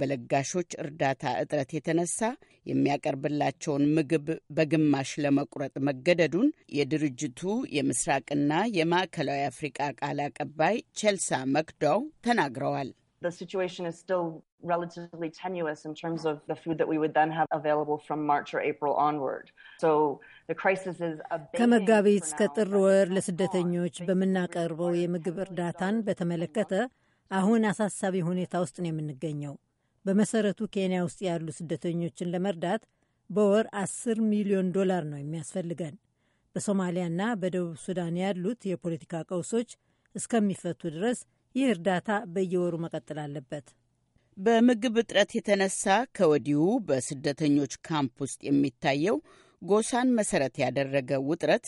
በለጋሾች እርዳታ እጥረት የተነሳ የሚያቀርብላቸውን ምግብ በግማሽ ለመቁረጥ መገደዱን የድርጅቱ የምስራቅና የማዕከላዊ አፍሪቃ ቃል አቀባይ ቼልሳ መክዳው ተናግረዋል። the situation is still relatively tenuous in terms of the food that we would then have available from March or April onward. So the crisis is ከመጋቢት እስከ ጥር ወር ለስደተኞች በምናቀርበው የምግብ እርዳታን በተመለከተ አሁን አሳሳቢ ሁኔታ ውስጥ ነው የምንገኘው። በመሰረቱ ኬንያ ውስጥ ያሉ ስደተኞችን ለመርዳት በወር አስር ሚሊዮን ዶላር ነው የሚያስፈልገን። በሶማሊያና በደቡብ ሱዳን ያሉት የፖለቲካ ቀውሶች እስከሚፈቱ ድረስ ይህ እርዳታ በየወሩ መቀጠል አለበት። በምግብ እጥረት የተነሳ ከወዲሁ በስደተኞች ካምፕ ውስጥ የሚታየው ጎሳን መሰረት ያደረገ ውጥረት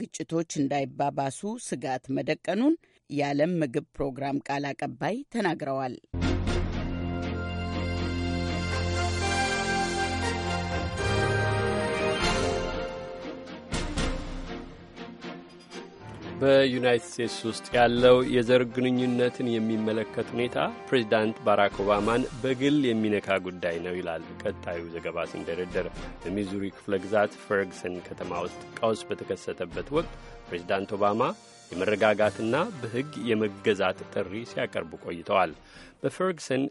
ግጭቶች እንዳይባባሱ ስጋት መደቀኑን የዓለም ምግብ ፕሮግራም ቃል አቀባይ ተናግረዋል። በዩናይት ስቴትስ ውስጥ ያለው የዘር ግንኙነትን የሚመለከት ሁኔታ ፕሬዚዳንት ባራክ ኦባማን በግል የሚነካ ጉዳይ ነው ይላል ቀጣዩ ዘገባ ሲንደረደር። በሚዙሪ ክፍለ ግዛት ፈርግሰን ከተማ ውስጥ ቀውስ በተከሰተበት ወቅት ፕሬዚዳንት ኦባማ የመረጋጋትና በሕግ የመገዛት ጥሪ ሲያቀርቡ ቆይተዋል። በፈርግሰን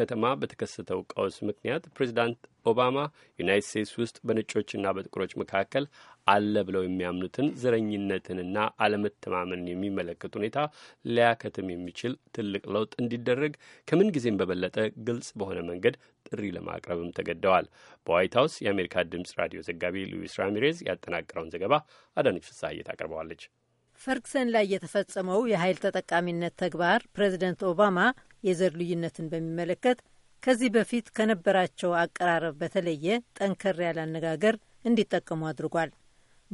ከተማ በተከሰተው ቀውስ ምክንያት ፕሬዚዳንት ኦባማ ዩናይት ስቴትስ ውስጥ በነጮችና በጥቁሮች መካከል አለ ብለው የሚያምኑትን ዘረኝነትንና አለመተማመንን የሚመለከት ሁኔታ ሊያከትም የሚችል ትልቅ ለውጥ እንዲደረግ ከምን ጊዜም በበለጠ ግልጽ በሆነ መንገድ ጥሪ ለማቅረብም ተገደዋል። በዋይት ሀውስ የአሜሪካ ድምፅ ራዲዮ ዘጋቢ ሉዊስ ራሚሬዝ ያጠናቀረውን ዘገባ አዳነች ፍስሐዬ ታቀርበዋለች። ፈርግሰን ላይ የተፈጸመው የኃይል ተጠቃሚነት ተግባር ፕሬዚደንት ኦባማ የዘር ልዩነትን በሚመለከት ከዚህ በፊት ከነበራቸው አቀራረብ በተለየ ጠንከር ያለ አነጋገር እንዲጠቀሙ አድርጓል።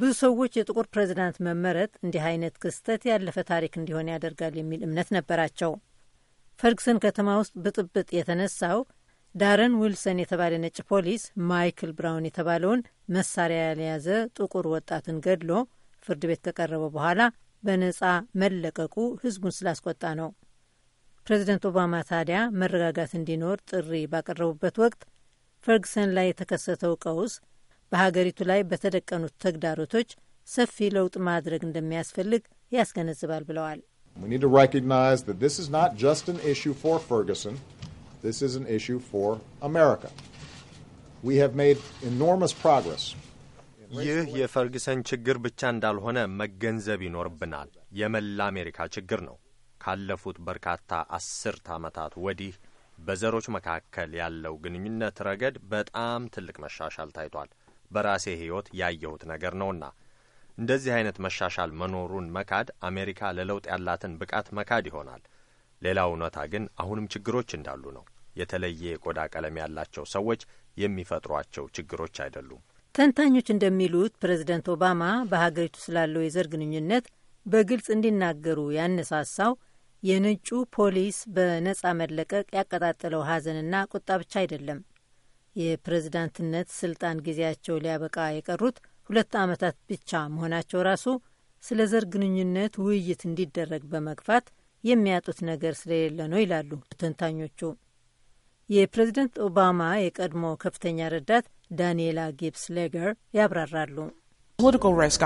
ብዙ ሰዎች የጥቁር ፕሬዚዳንት መመረጥ እንዲህ አይነት ክስተት ያለፈ ታሪክ እንዲሆን ያደርጋል የሚል እምነት ነበራቸው። ፈርግሰን ከተማ ውስጥ ብጥብጥ የተነሳው ዳረን ዊልሰን የተባለ ነጭ ፖሊስ ማይክል ብራውን የተባለውን መሳሪያ ያልያዘ ጥቁር ወጣትን ገድሎ ፍርድ ቤት ከቀረበ በኋላ በነጻ መለቀቁ ህዝቡን ስላስቆጣ ነው። ፕሬዚደንት ኦባማ ታዲያ መረጋጋት እንዲኖር ጥሪ ባቀረቡበት ወቅት ፈርግሰን ላይ የተከሰተው ቀውስ በሀገሪቱ ላይ በተደቀኑት ተግዳሮቶች ሰፊ ለውጥ ማድረግ እንደሚያስፈልግ ያስገነዝባል ብለዋል። ይህ የፈርግሰን ችግር ብቻ እንዳልሆነ መገንዘብ ይኖርብናል። የመላ አሜሪካ ችግር ነው። ካለፉት በርካታ አስርት ዓመታት ወዲህ በዘሮች መካከል ያለው ግንኙነት ረገድ በጣም ትልቅ መሻሻል ታይቷል። በራሴ ሕይወት ያየሁት ነገር ነውና እንደዚህ አይነት መሻሻል መኖሩን መካድ አሜሪካ ለለውጥ ያላትን ብቃት መካድ ይሆናል። ሌላ እውነታ ግን አሁንም ችግሮች እንዳሉ ነው። የተለየ የቆዳ ቀለም ያላቸው ሰዎች የሚፈጥሯቸው ችግሮች አይደሉም። ተንታኞች እንደሚሉት ፕሬዝደንት ኦባማ በሀገሪቱ ስላለው የዘር ግንኙነት በግልጽ እንዲናገሩ ያነሳሳው የነጩ ፖሊስ በነጻ መለቀቅ ያቀጣጠለው ሀዘንና ቁጣ ብቻ አይደለም። የፕሬዝዳንትነት ስልጣን ጊዜያቸው ሊያበቃ የቀሩት ሁለት ዓመታት ብቻ መሆናቸው ራሱ ስለ ዘር ግንኙነት ውይይት እንዲደረግ በመግፋት የሚያጡት ነገር ስለሌለ ነው ይላሉ ተንታኞቹ። የፕሬዝደንት ኦባማ የቀድሞ ከፍተኛ ረዳት ዳንኤላ ጊብስ ሌገር ያብራራሉ። ፖለቲካል ሪስክ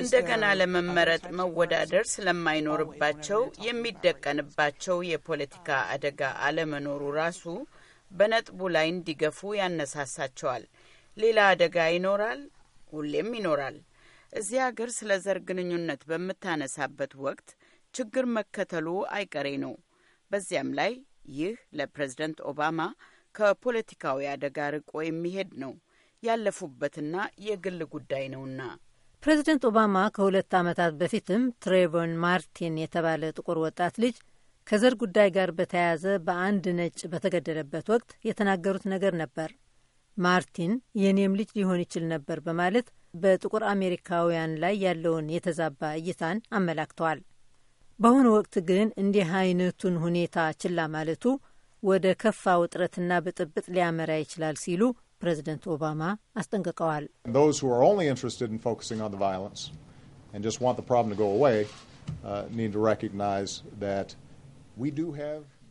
እንደገና ለመመረጥ መወዳደር ስለማይኖርባቸው የሚደቀንባቸው የፖለቲካ አደጋ አለመኖሩ ራሱ በነጥቡ ላይ እንዲገፉ ያነሳሳቸዋል። ሌላ አደጋ ይኖራል፣ ሁሌም ይኖራል። እዚህ ሀገር ስለ ዘር ግንኙነት በምታነሳበት ወቅት ችግር መከተሉ አይቀሬ ነው። በዚያም ላይ ይህ ለፕሬዝደንት ኦባማ ከፖለቲካዊ አደጋ ርቆ የሚሄድ ነው ያለፉበትና የግል ጉዳይ ነውና ፕሬዚደንት ኦባማ ከሁለት ዓመታት በፊትም ትሬቨን ማርቲን የተባለ ጥቁር ወጣት ልጅ ከዘር ጉዳይ ጋር በተያያዘ በአንድ ነጭ በተገደለበት ወቅት የተናገሩት ነገር ነበር። ማርቲን የኔም ልጅ ሊሆን ይችል ነበር በማለት በጥቁር አሜሪካውያን ላይ ያለውን የተዛባ እይታን አመላክተዋል። በአሁኑ ወቅት ግን እንዲህ አይነቱን ሁኔታ ችላ ማለቱ ወደ ከፋ ውጥረትና ብጥብጥ ሊያመራ ይችላል ሲሉ ፕሬዚደንት ኦባማ አስጠንቅቀዋል።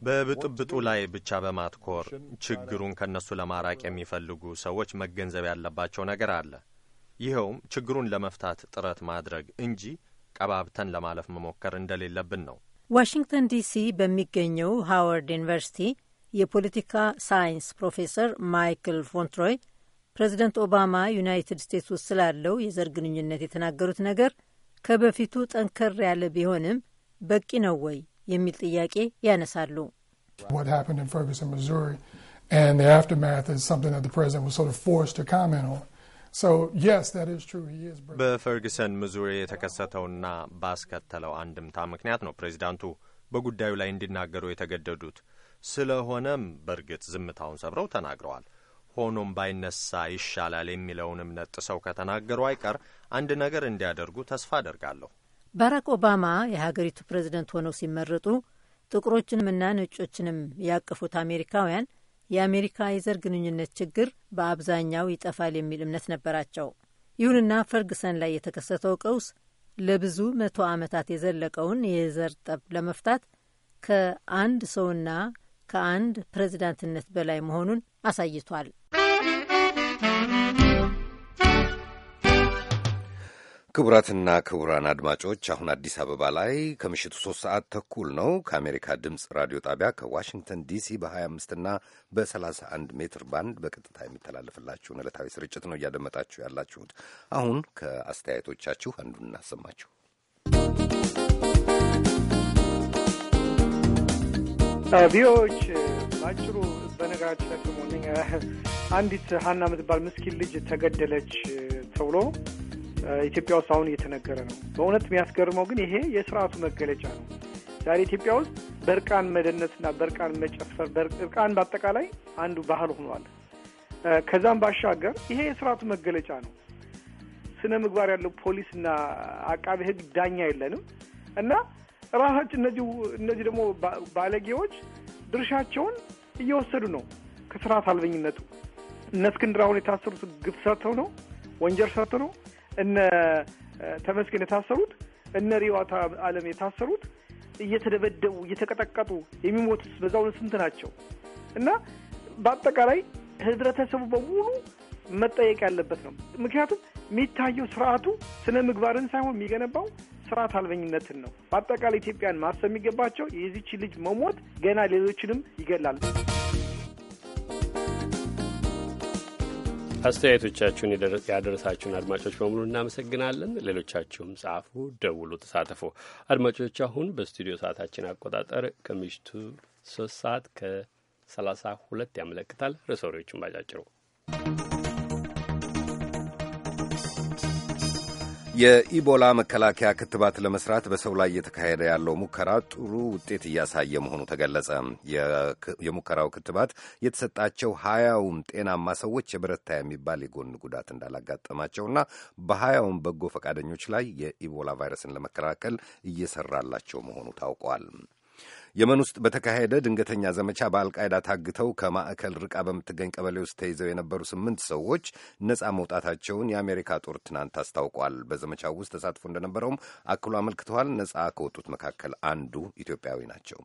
በብጥብጡ ላይ ብቻ በማትኮር ችግሩን ከእነሱ ለማራቅ የሚፈልጉ ሰዎች መገንዘብ ያለባቸው ነገር አለ። ይኸውም ችግሩን ለመፍታት ጥረት ማድረግ እንጂ ቀባብተን ለማለፍ መሞከር እንደሌለብን ነው። ዋሽንግተን ዲሲ በሚገኘው ሃዋርድ ዩኒቨርሲቲ የፖለቲካ ሳይንስ ፕሮፌሰር ማይክል ፎንትሮይ ፕሬዚደንት ኦባማ ዩናይትድ ስቴትስ ውስጥ ስላለው የዘር ግንኙነት የተናገሩት ነገር ከበፊቱ ጠንከር ያለ ቢሆንም በቂ ነው ወይ የሚል ጥያቄ ያነሳሉ። በፈርግሰን ሚዙሪ የተከሰተውና ባስከተለው አንድምታ ምክንያት ነው ፕሬዚዳንቱ በጉዳዩ ላይ እንዲናገሩ የተገደዱት። ስለሆነም በእርግጥ ዝምታውን ሰብረው ተናግረዋል። ሆኖም ባይነሳ ይሻላል የሚለውን እምነት ጥሰው ከተናገሩ አይቀር አንድ ነገር እንዲያደርጉ ተስፋ አደርጋለሁ። ባራክ ኦባማ የሀገሪቱ ፕሬዝደንት ሆነው ሲመረጡ ጥቁሮችንምና ነጮችንም ያቀፉት አሜሪካውያን የአሜሪካ የዘር ግንኙነት ችግር በአብዛኛው ይጠፋል የሚል እምነት ነበራቸው። ይሁንና ፈርግሰን ላይ የተከሰተው ቀውስ ለብዙ መቶ ዓመታት የዘለቀውን የዘር ጠብ ለመፍታት ከአንድ ሰውና ከአንድ ፕሬዝዳንትነት በላይ መሆኑን አሳይቷል። ክቡራትና ክቡራን አድማጮች አሁን አዲስ አበባ ላይ ከምሽቱ ሶስት ሰዓት ተኩል ነው። ከአሜሪካ ድምፅ ራዲዮ ጣቢያ ከዋሽንግተን ዲሲ በ25 እና በ31 ሜትር ባንድ በቀጥታ የሚተላለፍላችሁን ዕለታዊ ስርጭት ነው እያደመጣችሁ ያላችሁት። አሁን ከአስተያየቶቻችሁ አንዱን እናሰማችሁ። ቪዎች በአጭሩ በነገራችን ላይ ሰሞኑን አንዲት ሀና የምትባል ምስኪን ልጅ ተገደለች ተብሎ ኢትዮጵያ ውስጥ አሁን እየተነገረ ነው። በእውነት የሚያስገርመው ግን ይሄ የስርዓቱ መገለጫ ነው። ዛሬ ኢትዮጵያ ውስጥ በእርቃን መደነስና በእርቃን መጨፈር፣ እርቃን በአጠቃላይ አንዱ ባህል ሆኗል። ከዛም ባሻገር ይሄ የስርዓቱ መገለጫ ነው። ስነ ምግባር ያለው ፖሊስና አቃቢ ሕግ ዳኛ የለንም እና ራሳችን እነዚህ እነዚህ ደግሞ ባለጌዎች ድርሻቸውን እየወሰዱ ነው። ከስርዓት አልበኝነቱ እነ እስክንድር አሁን የታሰሩት ግፍ ሰርተው ነው፣ ወንጀል ሰርተው ነው። እነ ተመስገን የታሰሩት እነ ሪዋታ አለም የታሰሩት እየተደበደቡ እየተቀጠቀጡ የሚሞቱት በዛው ስንት ናቸው እና በአጠቃላይ ህብረተሰቡ በሙሉ መጠየቅ ያለበት ነው። ምክንያቱም የሚታየው ስርዓቱ ስነ ምግባርን ሳይሆን የሚገነባው ስርዓት አልበኝነትን ነው። በአጠቃላይ ኢትዮጵያን ማሰብ የሚገባቸው የዚች ልጅ መሞት ገና ሌሎችንም ይገላል። አስተያየቶቻችሁን ያደረሳችሁን አድማጮች በሙሉ እናመሰግናለን። ሌሎቻችሁም ጻፉ፣ ደውሉ፣ ተሳተፉ። አድማጮች አሁን በስቱዲዮ ሰዓታችን አቆጣጠር ከምሽቱ ሶስት ሰዓት 3ሳ ሁለት ያመለክታል። ርዕሰ ወሬዎቹን ባጫጭሩ የኢቦላ መከላከያ ክትባት ለመስራት በሰው ላይ እየተካሄደ ያለው ሙከራ ጥሩ ውጤት እያሳየ መሆኑ ተገለጸ። የሙከራው ክትባት የተሰጣቸው ሀያውም ጤናማ ሰዎች የበረታ የሚባል የጎን ጉዳት እንዳላጋጠማቸውና በሀያውም በጎ ፈቃደኞች ላይ የኢቦላ ቫይረስን ለመከላከል እየሰራላቸው መሆኑ ታውቋል። የመን ውስጥ በተካሄደ ድንገተኛ ዘመቻ በአልቃይዳ ታግተው ከማዕከል ርቃ በምትገኝ ቀበሌ ውስጥ ተይዘው የነበሩ ስምንት ሰዎች ነፃ መውጣታቸውን የአሜሪካ ጦር ትናንት አስታውቋል። በዘመቻው ውስጥ ተሳትፎ እንደነበረውም አክሎ አመልክተዋል። ነፃ ከወጡት መካከል አንዱ ኢትዮጵያዊ ናቸው።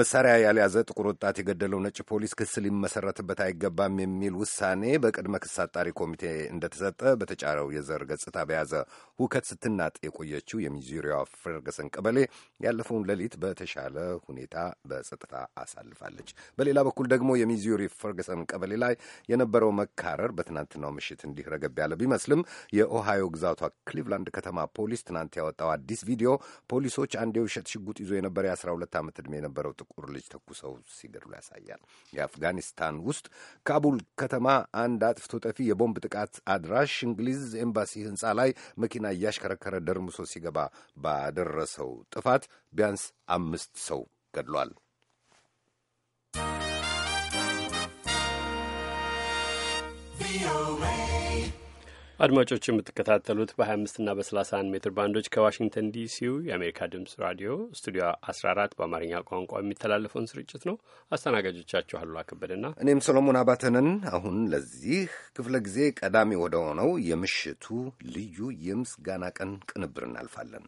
መሳሪያ ያልያዘ ጥቁር ወጣት የገደለው ነጭ ፖሊስ ክስ ሊመሰረትበት አይገባም የሚል ውሳኔ በቅድመ ክስ አጣሪ ኮሚቴ እንደተሰጠ በተጫረው የዘር ገጽታ በያዘ ሁከት ስትናጥ የቆየችው የሚዙሪዋ ፈርገሰን ቀበሌ ያለፈውን ሌሊት በተሻለ ሁኔታ በጸጥታ አሳልፋለች። በሌላ በኩል ደግሞ የሚዙሪ ፈርገሰን ቀበሌ ላይ የነበረው መካረር በትናንትናው ምሽት እንዲህ ረገብ ያለ ቢመስልም የኦሃዮ ግዛቷ ክሊቭላንድ ከተማ ፖሊስ ትናንት ያወጣው አዲስ ቪዲዮ ፖሊሶች አንድ የውሸት ሽጉጥ ይዞ የነበረ የ12 ዓመት ዕድሜ የነበረው ጥቁር ልጅ ተኩሰው ሲገድሉ ያሳያል። የአፍጋኒስታን ውስጥ ካቡል ከተማ አንድ አጥፍቶ ጠፊ የቦምብ ጥቃት አድራሽ እንግሊዝ ኤምባሲ ህንፃ ላይ መኪና እያሽከረከረ ደርምሶ ሲገባ ባደረሰው ጥፋት ቢያንስ አምስት ሰው ገድሏል። አድማጮች የምትከታተሉት በ25 እና በ31 ሜትር ባንዶች ከዋሽንግተን ዲሲው የአሜሪካ ድምፅ ራዲዮ ስቱዲዮ 14 በአማርኛ ቋንቋ የሚተላለፈውን ስርጭት ነው። አስተናጋጆቻችሁ አሉላ ከበደና እኔም ሰሎሞን አባተንን። አሁን ለዚህ ክፍለ ጊዜ ቀዳሚ ወደ ሆነው የምሽቱ ልዩ የምስጋና ቀን ቅንብር እናልፋለን።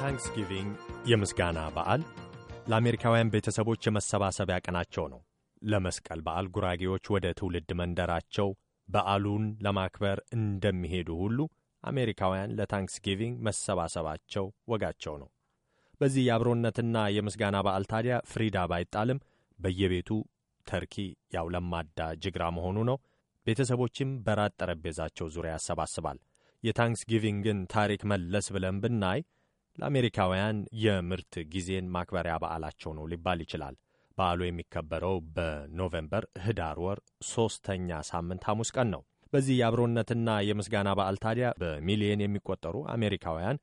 ታንክስጊቪንግ የምስጋና በዓል ለአሜሪካውያን ቤተሰቦች የመሰባሰቢያ ቀናቸው ነው። ለመስቀል በዓል ጉራጌዎች ወደ ትውልድ መንደራቸው በዓሉን ለማክበር እንደሚሄዱ ሁሉ አሜሪካውያን ለታንክስጊቪንግ መሰባሰባቸው ወጋቸው ነው። በዚህ የአብሮነትና የምስጋና በዓል ታዲያ ፍሪዳ ባይጣልም በየቤቱ ተርኪ ያው ለማዳ ጅግራ መሆኑ ነው። ቤተሰቦችም በራት ጠረጴዛቸው ዙሪያ ያሰባስባል። የታንክስጊቪንግን ታሪክ መለስ ብለን ብናይ ለአሜሪካውያን የምርት ጊዜን ማክበሪያ በዓላቸው ነው ሊባል ይችላል። በዓሉ የሚከበረው በኖቬምበር ህዳር ወር ሶስተኛ ሳምንት ሐሙስ ቀን ነው። በዚህ የአብሮነትና የምስጋና በዓል ታዲያ በሚሊየን የሚቆጠሩ አሜሪካውያን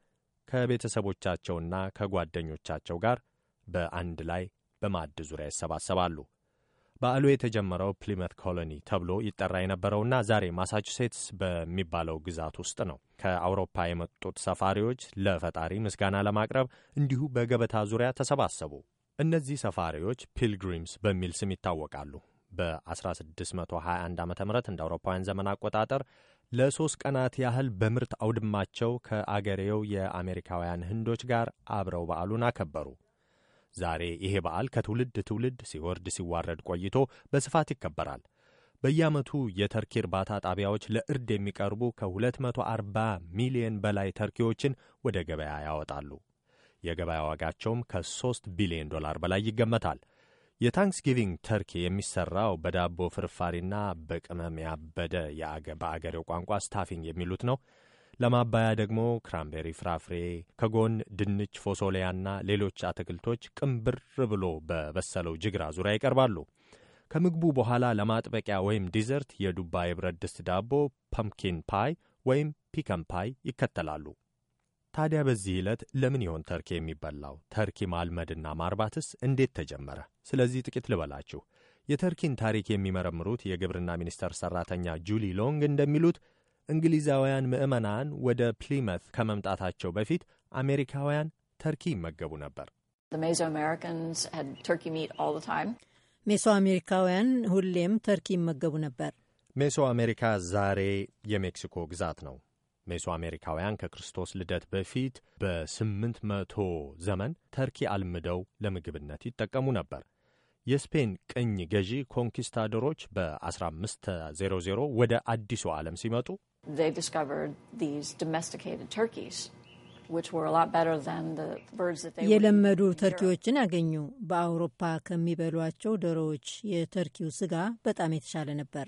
ከቤተሰቦቻቸውና ከጓደኞቻቸው ጋር በአንድ ላይ በማዕድ ዙሪያ ይሰባሰባሉ። በዓሉ የተጀመረው ፕሊመት ኮሎኒ ተብሎ ይጠራ የነበረውና ዛሬ ማሳቹሴትስ በሚባለው ግዛት ውስጥ ነው። ከአውሮፓ የመጡት ሰፋሪዎች ለፈጣሪ ምስጋና ለማቅረብ እንዲሁ በገበታ ዙሪያ ተሰባሰቡ። እነዚህ ሰፋሪዎች ፒልግሪምስ በሚል ስም ይታወቃሉ። በ1621 ዓ ም እንደ አውሮፓውያን ዘመን አቆጣጠር ለሦስት ቀናት ያህል በምርት አውድማቸው ከአገሬው የአሜሪካውያን ህንዶች ጋር አብረው በዓሉን አከበሩ። ዛሬ ይሄ በዓል ከትውልድ ትውልድ ሲወርድ ሲዋረድ ቆይቶ በስፋት ይከበራል። በየዓመቱ የተርኪ እርባታ ጣቢያዎች ለእርድ የሚቀርቡ ከ240 ሚሊዮን በላይ ተርኪዎችን ወደ ገበያ ያወጣሉ። የገበያ ዋጋቸውም ከ3 ቢሊዮን ዶላር በላይ ይገመታል። የታንክስጊቪንግ ተርኪ የሚሰራው በዳቦ ፍርፋሪና በቅመም ያበደ በአገሬው ቋንቋ ስታፊንግ የሚሉት ነው። ለማባያ ደግሞ ክራምቤሪ ፍራፍሬ ከጎን ድንች፣ ፎሶሊያና ሌሎች አትክልቶች ቅንብር ብሎ በበሰለው ጅግራ ዙሪያ ይቀርባሉ። ከምግቡ በኋላ ለማጥበቂያ ወይም ዲዘርት የዱባ የብረት ድስት ዳቦ ፐምኪን ፓይ ወይም ፒከን ፓይ ይከተላሉ። ታዲያ በዚህ ዕለት ለምን ይሆን ተርኪ የሚበላው? ተርኪ ማልመድና ማርባትስ እንዴት ተጀመረ? ስለዚህ ጥቂት ልበላችሁ። የተርኪን ታሪክ የሚመረምሩት የግብርና ሚኒስቴር ሠራተኛ ጁሊ ሎንግ እንደሚሉት እንግሊዛውያን ምዕመናን ወደ ፕሊመት ከመምጣታቸው በፊት አሜሪካውያን ተርኪ ይመገቡ ነበር። ሜሶ አሜሪካውያን ሁሌም ተርኪ ይመገቡ ነበር። ሜሶ አሜሪካ ዛሬ የሜክሲኮ ግዛት ነው። ሜሶአሜሪካውያን ከክርስቶስ ልደት በፊት በስምንት መቶ ዘመን ተርኪ አልምደው ለምግብነት ይጠቀሙ ነበር። የስፔን ቅኝ ገዢ ኮንኪስታዶሮች በ1500 ወደ አዲሱ ዓለም ሲመጡ የለመዱ ተርኪዎችን አገኙ። በአውሮፓ ከሚበሏቸው ዶሮዎች የተርኪው ስጋ በጣም የተሻለ ነበር።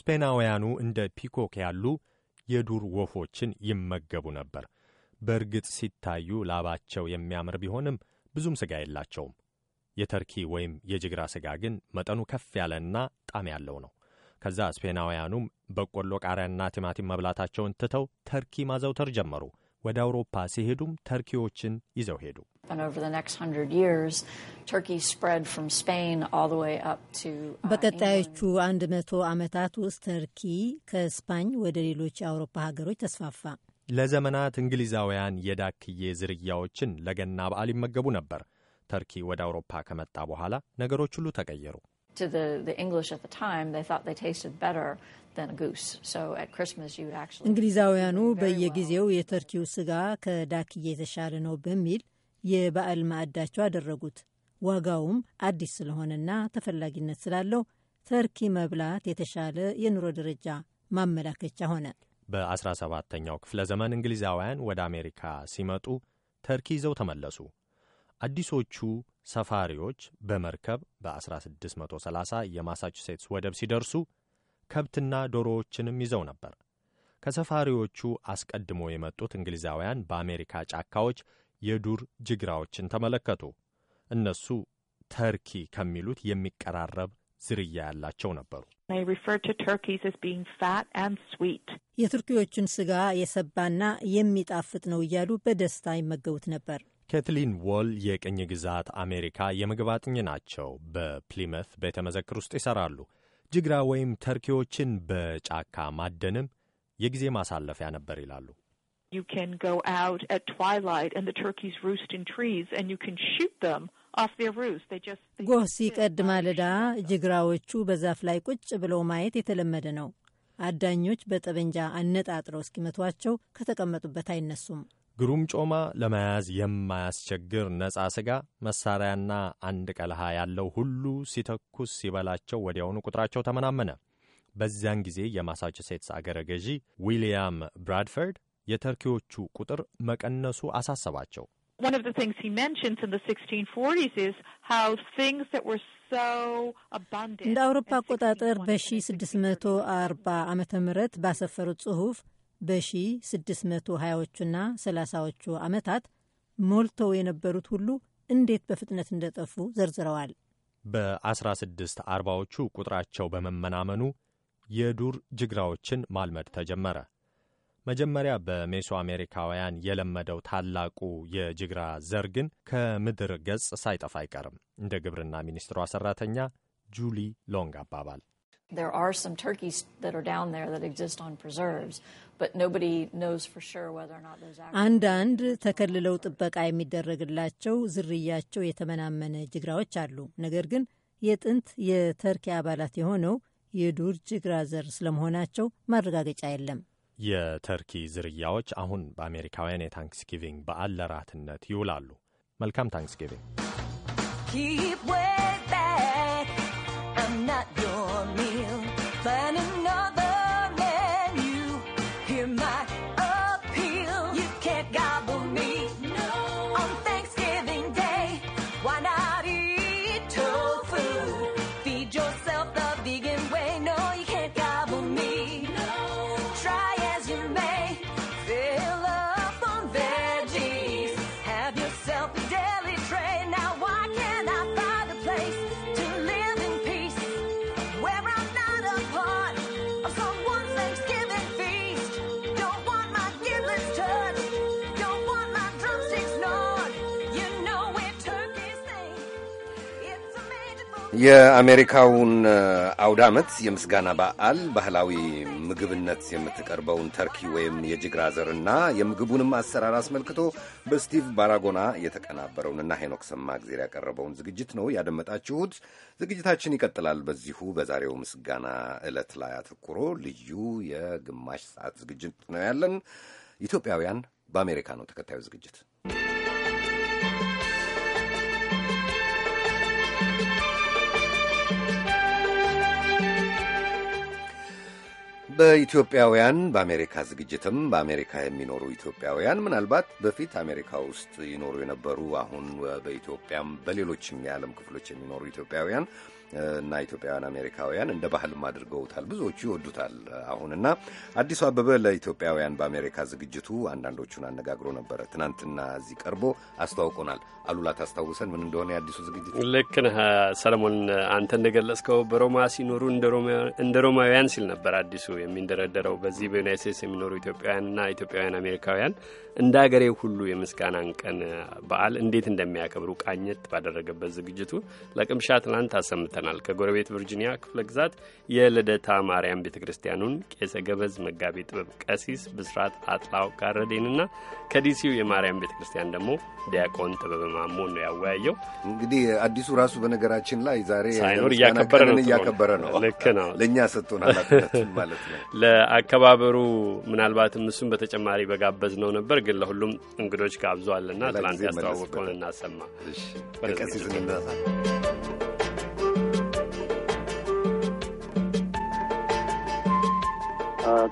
ስፔናውያኑ እንደ ፒኮክ ያሉ የዱር ወፎችን ይመገቡ ነበር። በእርግጥ ሲታዩ ላባቸው የሚያምር ቢሆንም ብዙም ሥጋ የላቸውም። የተርኪ ወይም የጅግራ ሥጋ ግን መጠኑ ከፍ ያለና ጣዕም ያለው ነው። ከዛ ስፔናውያኑም በቆሎ፣ ቃሪያና ቲማቲም መብላታቸውን ትተው ተርኪ ማዘውተር ጀመሩ። ወደ አውሮፓ ሲሄዱም ተርኪዎችን ይዘው ሄዱ። uh, በቀጣዮቹ አንድ መቶ ዓመታት ውስጥ ተርኪ ከስፓኝ ወደ ሌሎች የአውሮፓ ሀገሮች ተስፋፋ። ለዘመናት እንግሊዛውያን የዳክዬ ዝርያዎችን ለገና በዓል ይመገቡ ነበር። ተርኪ ወደ አውሮፓ ከመጣ በኋላ ነገሮች ሁሉ ተቀየሩ። to the, the English at the time, they thought they tasted better እንግሊዛውያኑ በየጊዜው የተርኪው ስጋ ከዳክዬ የተሻለ ነው በሚል የበዓል ማዕዳቸው አደረጉት። ዋጋውም አዲስ ስለሆነና ተፈላጊነት ስላለው ተርኪ መብላት የተሻለ የኑሮ ደረጃ ማመላከቻ ሆነ። በ17ኛው ክፍለ ዘመን እንግሊዛውያን ወደ አሜሪካ ሲመጡ ተርኪ ይዘው ተመለሱ። አዲሶቹ ሰፋሪዎች በመርከብ በ1630 የማሳቹሴትስ ወደብ ሲደርሱ ከብትና ዶሮዎችንም ይዘው ነበር። ከሰፋሪዎቹ አስቀድሞ የመጡት እንግሊዛውያን በአሜሪካ ጫካዎች የዱር ጅግራዎችን ተመለከቱ። እነሱ ተርኪ ከሚሉት የሚቀራረብ ዝርያ ያላቸው ነበሩ። የቱርኪዎቹን ስጋ የሰባና የሚጣፍጥ ነው እያሉ በደስታ ይመገቡት ነበር። ኬትሊን ዎል የቅኝ ግዛት አሜሪካ የምግብ አጥኚ ናቸው። በፕሊመፍ ቤተ መዘክር ውስጥ ይሠራሉ። ጅግራ ወይም ተርኪዎችን በጫካ ማደንም የጊዜ ማሳለፊያ ነበር ይላሉ። You can go out at twilight and the turkeys roost in trees and you can shoot them off their roost. They just ጎህ ሲቀድ ማለዳ ጅግራዎቹ በዛፍ ላይ ቁጭ ብለው ማየት የተለመደ ነው። አዳኞች በጠበንጃ አነጣጥረው እስኪመቷቸው ከተቀመጡበት አይነሱም። ግሩም ጮማ ለመያዝ የማያስቸግር ነጻ ሥጋ መሣሪያና አንድ ቀልሃ ያለው ሁሉ ሲተኩስ ሲበላቸው ወዲያውኑ ቁጥራቸው ተመናመነ። በዚያን ጊዜ የማሳቹሴትስ አገረ ገዢ ዊልያም ብራድፈርድ የተርኪዎቹ ቁጥር መቀነሱ አሳሰባቸው። እንደ አውሮፓ አቆጣጠር በ1640 ዓ ም ባሰፈሩት ጽሑፍ በ1620ዎቹና 30ዎቹ ዓመታት ሞልተው የነበሩት ሁሉ እንዴት በፍጥነት እንደጠፉ ዘርዝረዋል። በ1640ዎቹ ቁጥራቸው በመመናመኑ የዱር ጅግራዎችን ማልመድ ተጀመረ። መጀመሪያ በሜሶ አሜሪካውያን የለመደው ታላቁ የጅግራ ዘር ግን ከምድር ገጽ ሳይጠፋ አይቀርም እንደ ግብርና ሚኒስትሯ ሠራተኛ ጁሊ ሎንግ አባባል There are some turkeys that are down there that exist on preserves, but nobody knows for sure whether or not those are. አንዳንድ ተከልለው ጥበቃ የሚደረግላቸው ዝርያቸው የተመናመነ ጅግራዎች አሉ። ነገር ግን የጥንት የተርኪ አባላት የሆነው የዱር ጅግራ ዘር ስለመሆናቸው ማረጋገጫ የለም። የተርኪ ዝርያዎች አሁን በአሜሪካውያን የታንክስጊቪንግ በዓል ለራትነት ይውላሉ። መልካም ታንክስጊቪንግ። የአሜሪካውን አውድ ዓመት የምስጋና በዓል ባህላዊ ምግብነት የምትቀርበውን ተርኪ ወይም የጅግራ ዘርና የምግቡንም አሰራር አስመልክቶ በስቲቭ ባራጎና የተቀናበረውንና ሄኖክ ጊዜር ያቀረበውን ዝግጅት ነው ያደመጣችሁት። ዝግጅታችን ይቀጥላል። በዚሁ በዛሬው ምስጋና ዕለት ላይ አተኩሮ ልዩ የግማሽ ሰዓት ዝግጅት ነው ያለን። ኢትዮጵያውያን በአሜሪካ ነው ተከታዩ ዝግጅት። በኢትዮጵያውያን በአሜሪካ ዝግጅትም በአሜሪካ የሚኖሩ ኢትዮጵያውያን ምናልባት በፊት አሜሪካ ውስጥ ይኖሩ የነበሩ አሁን በኢትዮጵያም በሌሎችም የዓለም ክፍሎች የሚኖሩ ኢትዮጵያውያን እና ኢትዮጵያውያን አሜሪካውያን እንደ ባህልም አድርገውታል። ብዙዎቹ ይወዱታል አሁንና አዲሱ አበበ ለኢትዮጵያውያን በአሜሪካ ዝግጅቱ አንዳንዶቹን አነጋግሮ ነበረ። ትናንትና እዚህ ቀርቦ አስተዋውቆናል። አሉላ ታስታውሰን ምን እንደሆነ የአዲሱ ዝግጅት። ልክ ነህ ሰለሞን፣ አንተ እንደገለጽከው በሮማ ሲኖሩ እንደ ሮማውያን ሲል ነበር አዲሱ የሚንደረደረው። በዚህ በዩናይት ስቴትስ የሚኖሩ ኢትዮጵያውያንና ኢትዮጵያውያን አሜሪካውያን እንደ ሀገሬ ሁሉ የምስጋናን ቀን በዓል እንዴት እንደሚያከብሩ ቃኘት ባደረገበት ዝግጅቱ ለቅምሻ ትናንት አሰምተናል። ከጎረቤት ቨርጂኒያ ክፍለ ግዛት የልደታ ማርያም ቤተ ክርስቲያኑን ቄሰ ገበዝ መጋቢ ጥበብ ቀሲስ ብስራት አጥላው ጋረዴንና ከዲሲው የማርያም ቤተ ክርስቲያን ደግሞ ዲያቆን ጥበብ ማሞን ነው ያወያየው። እንግዲህ አዲሱ ራሱ በነገራችን ላይ ዛሬ ሳይኖር እያከበረ ነው እያከበረ ነው። ልክ ነው። ለእኛ ሰጥቶን ማለት ነው ለአከባበሩ። ምናልባትም እሱን በተጨማሪ በጋበዝ ነው ነበር፣ ግን ለሁሉም እንግዶች ጋብዟልና ትላንት ያስተዋወቀውን እናሰማ ቀሲስ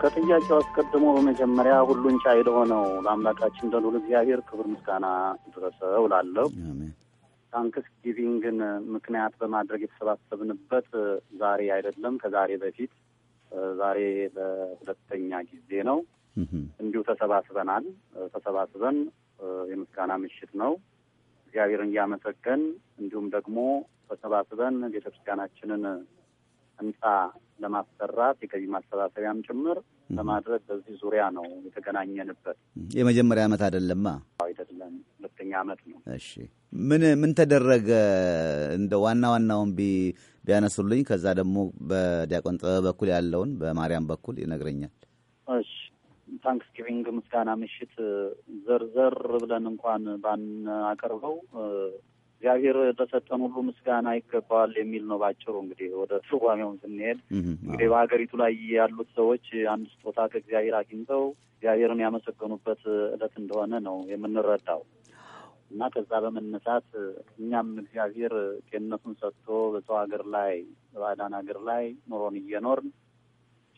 ከጥያቄው አስቀድሞ በመጀመሪያ ሁሉን ቻይ ለሆነው ለአምላካችን ለልዑል እግዚአብሔር ክብር ምስጋና ይድረሰው እላለሁ። ታንክስ ጊቪንግን ምክንያት በማድረግ የተሰባሰብንበት ዛሬ አይደለም፣ ከዛሬ በፊት ዛሬ በሁለተኛ ጊዜ ነው። እንዲሁ ተሰባስበናል። ተሰባስበን የምስጋና ምሽት ነው። እግዚአብሔርን እያመሰገን እንዲሁም ደግሞ ተሰባስበን ቤተክርስቲያናችንን ህንፃ ለማሰራት የገቢ ማሰባሰቢያም ጭምር ለማድረግ በዚህ ዙሪያ ነው የተገናኘንበት። የመጀመሪያ ዓመት አይደለማ አይደለም፣ ሁለተኛ ዓመት ነው። እሺ ምን ምን ተደረገ? እንደ ዋና ዋናውን ቢያነሱልኝ፣ ከዛ ደግሞ በዲያቆን ጥበብ በኩል ያለውን በማርያም በኩል ይነግረኛል። እሺ ታንክስጊቪንግ ምስጋና ምሽት ዘርዘር ብለን እንኳን ባናቀርበው እግዚአብሔር ለሰጠን ሁሉ ምስጋና ይገባል የሚል ነው ባጭሩ። እንግዲህ ወደ ትርጓሜውን ስንሄድ እንግዲህ በሀገሪቱ ላይ ያሉት ሰዎች አንድ ስጦታ ከእግዚአብሔር አግኝተው እግዚአብሔርን ያመሰገኑበት ዕለት እንደሆነ ነው የምንረዳው እና ከዛ በመነሳት እኛም እግዚአብሔር ጤንነቱን ሰጥቶ በሰው ሀገር ላይ በባዕዳን ሀገር ላይ ኑሮን እየኖርን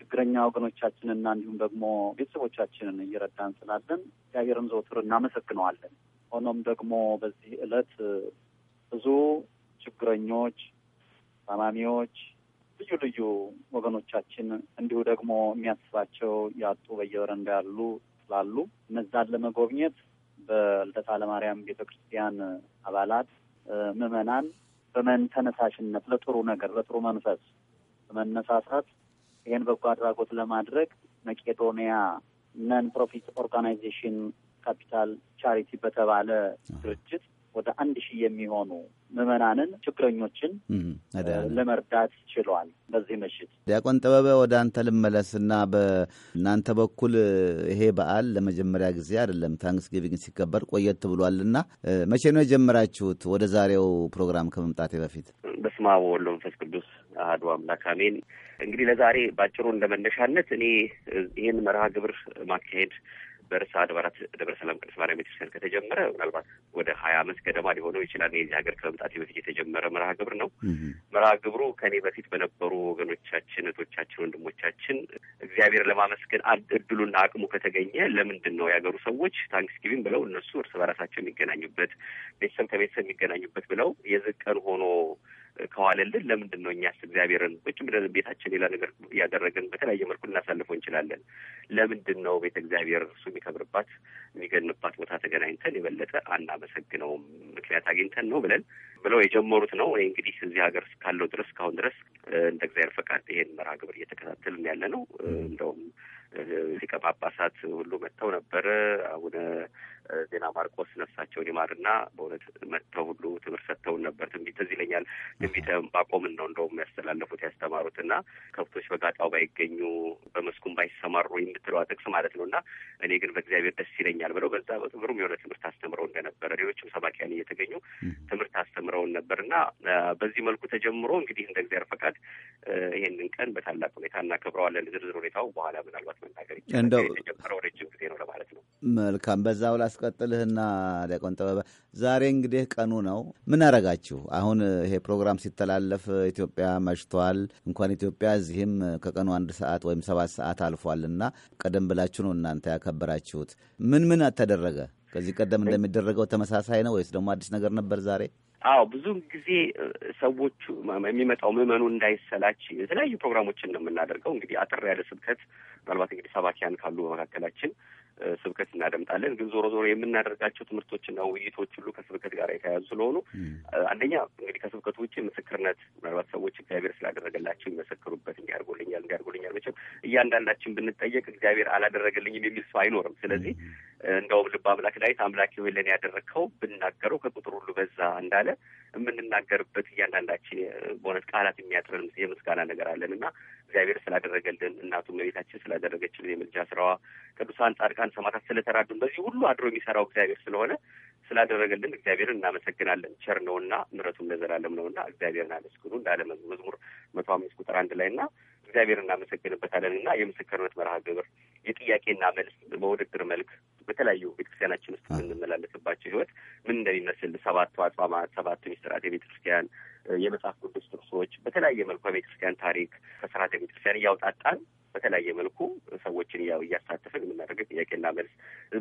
ችግረኛ ወገኖቻችንና እንዲሁም ደግሞ ቤተሰቦቻችንን እየረዳን ስላለን እግዚአብሔርን ዘውትር እናመሰግነዋለን። ሆኖም ደግሞ በዚህ ዕለት ብዙ ችግረኞች፣ ታማሚዎች፣ ልዩ ልዩ ወገኖቻችን እንዲሁ ደግሞ የሚያስባቸው ያጡ በየበረንዳ ያሉ ስላሉ እነዛን ለመጎብኘት በልደታ ለማርያም ቤተ ክርስቲያን አባላት ምዕመናን ተነሳሽነት ለጥሩ ነገር ለጥሩ መንፈስ በመነሳሳት ይህን በጎ አድራጎት ለማድረግ መቄዶንያ ነን ፕሮፊት ኦርጋናይዜሽን ካፒታል ቻሪቲ በተባለ ድርጅት ወደ አንድ ሺህ የሚሆኑ ምዕመናንን ችግረኞችን ለመርዳት ችሏል። በዚህ ምሽት ዲያቆን ጥበበ ወደ አንተ ልመለስና በእናንተ በኩል ይሄ በዓል ለመጀመሪያ ጊዜ አይደለም፣ ታንክስጊቪንግ ሲከበር ቆየት ብሏልና መቼ ነው የጀመራችሁት? ወደ ዛሬው ፕሮግራም ከመምጣቴ በፊት በስመ አብ ወወልድ ወመንፈስ ቅዱስ አሐዱ አምላክ አሜን። እንግዲህ ለዛሬ ባጭሩ እንደመነሻነት እኔ ይህን መርሃ ግብር ማካሄድ በርሳ አድባራት ደብረ ሰላም ቅድስት ማርያም ቤተክርስቲያን ከተጀመረ ምናልባት ወደ ሀያ አመት ገደማ ሊሆነው ይችላል። የዚህ ሀገር ከመምጣት በፊት የተጀመረ መርሃ ግብር ነው። መርሃ ግብሩ ከኔ በፊት በነበሩ ወገኖቻችን፣ እህቶቻችን፣ ወንድሞቻችን እግዚአብሔር ለማመስገን እድሉና አቅሙ ከተገኘ ለምንድን ነው የሀገሩ ሰዎች ታንክስጊቪንግ ብለው እነሱ እርስ በራሳቸው የሚገናኙበት ቤተሰብ ከቤተሰብ የሚገናኙበት ብለው የዝቀን ሆኖ ከዋለልን ለምንድን ነው እኛስ እግዚአብሔርን ቁጭ ብለን ቤታችን ሌላ ነገር እያደረግን በተለያየ መልኩ ልናሳልፈው እንችላለን? ለምንድን ነው ቤተ እግዚአብሔር እሱ የሚከብርባት የሚገንባት ቦታ ተገናኝተን የበለጠ አናመሰግነውም? ምክንያት አግኝተን ነው ብለን ብለው የጀመሩት ነው። እኔ እንግዲህ እዚህ ሀገር ካለው ድረስ እስካሁን ድረስ እንደ እግዚአብሔር ፈቃድ ይሄን መርሃ ግብር እየተከታተልን ያለ ነው። እንደውም ሊቀ ጳጳሳት ሁሉ መጥተው ነበረ አቡነ ዜና ማርቆስ ነፍሳቸውን ይማርና በእውነት መጥተው ሁሉ ትምህርት ሰጥተውን ነበር። ትንቢት ትዝ ይለኛል። ትንቢተ ዕንባቆምን ነው እንደውም ያስተላለፉት ያስተማሩት እና ከብቶች በጋጣው ባይገኙ በመስኩም ባይሰማሩ የምትለው ጥቅስ ማለት ነው እና እኔ ግን በእግዚአብሔር ደስ ይለኛል ብለው በዛ በግሩም የሆነ ትምህርት አስተምረው እንደነበረ ሌሎችም ሰባኪያን እየተገኙ ትምህርት አስተምረውን ነበር እና በዚህ መልኩ ተጀምሮ እንግዲህ እንደ እግዚአብሔር ፈቃድ ይሄንን ቀን በታላቅ ሁኔታ እናከብረዋለን። ዝርዝር ሁኔታው በኋላ ምናልባት መናገር ይቻላል። የተጀመረው ረጅም ጊዜ ነው ለማለት ነው። መልካም በዛው ላስ ላስቀጥልህና ዲያቆን ጥበበ ዛሬ እንግዲህ ቀኑ ነው። ምን አረጋችሁ? አሁን ይሄ ፕሮግራም ሲተላለፍ ኢትዮጵያ መሽቷል። እንኳን ኢትዮጵያ እዚህም ከቀኑ አንድ ሰዓት ወይም ሰባት ሰዓት አልፏልና ቀደም ብላችሁ ነው እናንተ ያከበራችሁት። ምን ምን ተደረገ? ከዚህ ቀደም እንደሚደረገው ተመሳሳይ ነው ወይስ ደግሞ አዲስ ነገር ነበር ዛሬ? አዎ ብዙውን ጊዜ ሰዎቹ የሚመጣው ምዕመኑ እንዳይሰላች የተለያዩ ፕሮግራሞችን ነው የምናደርገው። እንግዲህ አጠር ያለ ስብከት ምናልባት እንግዲህ ሰባኪያን ካሉ በመካከላችን ስብከት እናደምጣለን። ግን ዞሮ ዞሮ የምናደርጋቸው ትምህርቶችና ውይይቶች ሁሉ ከስብከት ጋር የተያያዙ ስለሆኑ አንደኛ እንግዲህ ከስብከቱ ውጭ ምስክርነት ምናልባት ሰዎች እግዚአብሔር ስላደረገላቸው የሚመሰክሩበት እንዲያርጎልኛል እንዲያርጎልኛል መቼም እያንዳንዳችን ብንጠየቅ እግዚአብሔር አላደረገልኝም የሚል ሰው አይኖርም። ስለዚህ እንደውም ልበ አምላክ ዳዊት አምላክ ሆይ ለእኔ ያደረግከው ብናገረው ከቁጥር ሁሉ በዛ እንዳለ የምንናገርበት እያንዳንዳችን በእውነት ቃላት የሚያጥረን የምስጋና ነገር አለን እና እግዚአብሔር ስላደረገልን እናቱ መቤታችን ስላደረገችልን የምልጃ ስራዋ ቅዱሳን ጻድቃን ሰማዕታት ስለተራዱን በዚህ ሁሉ አድሮ የሚሰራው እግዚአብሔር ስለሆነ ስላደረገልን እግዚአብሔርን እናመሰግናለን። ቸር ነውና ምሕረቱም ለዘላለም ነውና እግዚአብሔርን አመስግኑ እንዳለ መዝሙር መቶ አምስት ቁጥር አንድ ላይ እና እግዚአብሔር እናመሰግንበታለን እና የምስክርነት መርሃ ግብር የጥያቄና መልስ በውድድር መልክ በተለያዩ ቤተክርስቲያናችን ውስጥ የምንመላለስባቸው ህይወት ምን እንደሚመስል ሰባቱ አጽዋማት፣ ሰባቱ ሚስጥራት የቤተክርስቲያን የመጽሐፍ ቅዱስ ጥቅሶች በተለያየ መልኩ ቤተክርስቲያን ታሪክ ከስርዓተ ቤተክርስቲያን እያውጣጣን በተለያየ መልኩ ሰዎችን ያው እያሳተፍን የምናደርገው ጥያቄና መልስ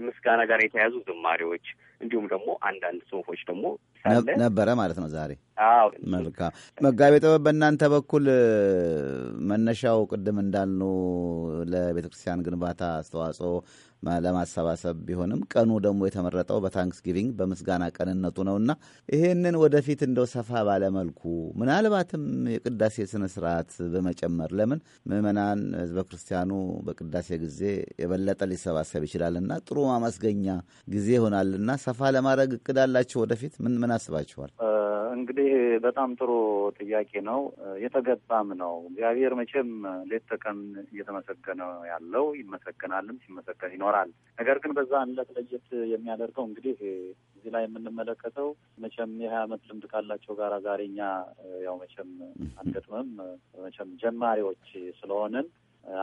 ምስጋና ጋር የተያዙ ዝማሬዎች እንዲሁም ደግሞ አንዳንድ ጽሁፎች ደግሞ ነበረ ማለት ነው ዛሬ። አዎ መልካም መጋቤ ጥበብ፣ በእናንተ በኩል መነሻው ቅድም እንዳልነው ለቤተ ክርስቲያን ግንባታ አስተዋጽኦ ለማሰባሰብ ቢሆንም ቀኑ ደግሞ የተመረጠው በታንክስ ጊቪንግ በምስጋና ቀንነቱ ነውና ይሄንን ወደፊት እንደው ሰፋ ባለመልኩ ምናልባትም የቅዳሴ ስነ ስርዓት በመጨመር ለምን ምዕመናን ህዝበ ክርስቲያኑ በቅዳሴ ጊዜ የበለጠ ሊሰባሰብ ይችላልና ጥሩ ማመስገኛ ጊዜ ይሆናልና ሰፋ ለማድረግ እቅድ አላችሁ ወደፊት ምን ምን አስባችኋል? እንግዲህ በጣም ጥሩ ጥያቄ ነው። የተገባም ነው። እግዚአብሔር መቼም ሌት ተቀን እየተመሰገነ ያለው ይመሰገናልም ሲመሰገን ይኖራል ይኖራል። ነገር ግን በዛ እለት ለየት የሚያደርገው እንግዲህ እዚህ ላይ የምንመለከተው መቼም የሀያ ዓመት ልምድ ካላቸው ጋር ዛሬ እኛ ያው መቼም አንገጥምም። መቼም ጀማሪዎች ስለሆንን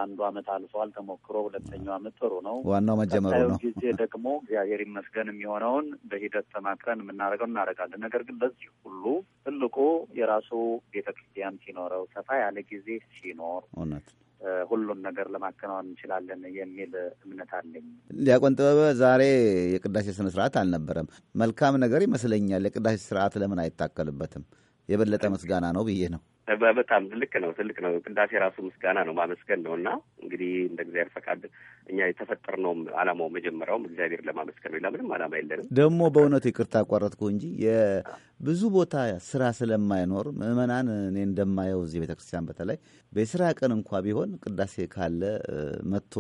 አንዱ አመት አልፏል ተሞክሮ፣ ሁለተኛው አመት ጥሩ ነው። ዋናው መጀመሩ ነው። ጊዜ ደግሞ እግዚአብሔር ይመስገን የሚሆነውን በሂደት ተማክረን የምናደርገው እናደርጋለን። ነገር ግን በዚህ ሁሉ ትልቁ የራሱ ቤተክርስቲያን ሲኖረው ሰፋ ያለ ጊዜ ሲኖር ሁሉን ነገር ለማከናወን እንችላለን የሚል እምነት አለኝ። ዲያቆን ጥበበ፣ ዛሬ የቅዳሴ ስነ ስርዓት አልነበረም። መልካም ነገር ይመስለኛል። የቅዳሴ ስርዓት ለምን አይታከልበትም? የበለጠ ምስጋና ነው ብዬ ነው። በጣም ትልቅ ነው ትልቅ ነው። ቅዳሴ ራሱ ምስጋና ነው ማመስገን ነው። እና እንግዲህ እንደ እግዚአብሔር ፈቃድ እኛ የተፈጠርነውም አላማው መጀመሪያውም እግዚአብሔር ለማመስገን ነው። ለምንም አላማ የለንም። ደግሞ በእውነት ይቅርታ አቋረጥኩ እንጂ የብዙ ቦታ ስራ ስለማይኖር ምዕመናን፣ እኔ እንደማየው እዚህ ቤተ ክርስቲያን በተለይ በስራ ቀን እንኳ ቢሆን ቅዳሴ ካለ መጥቶ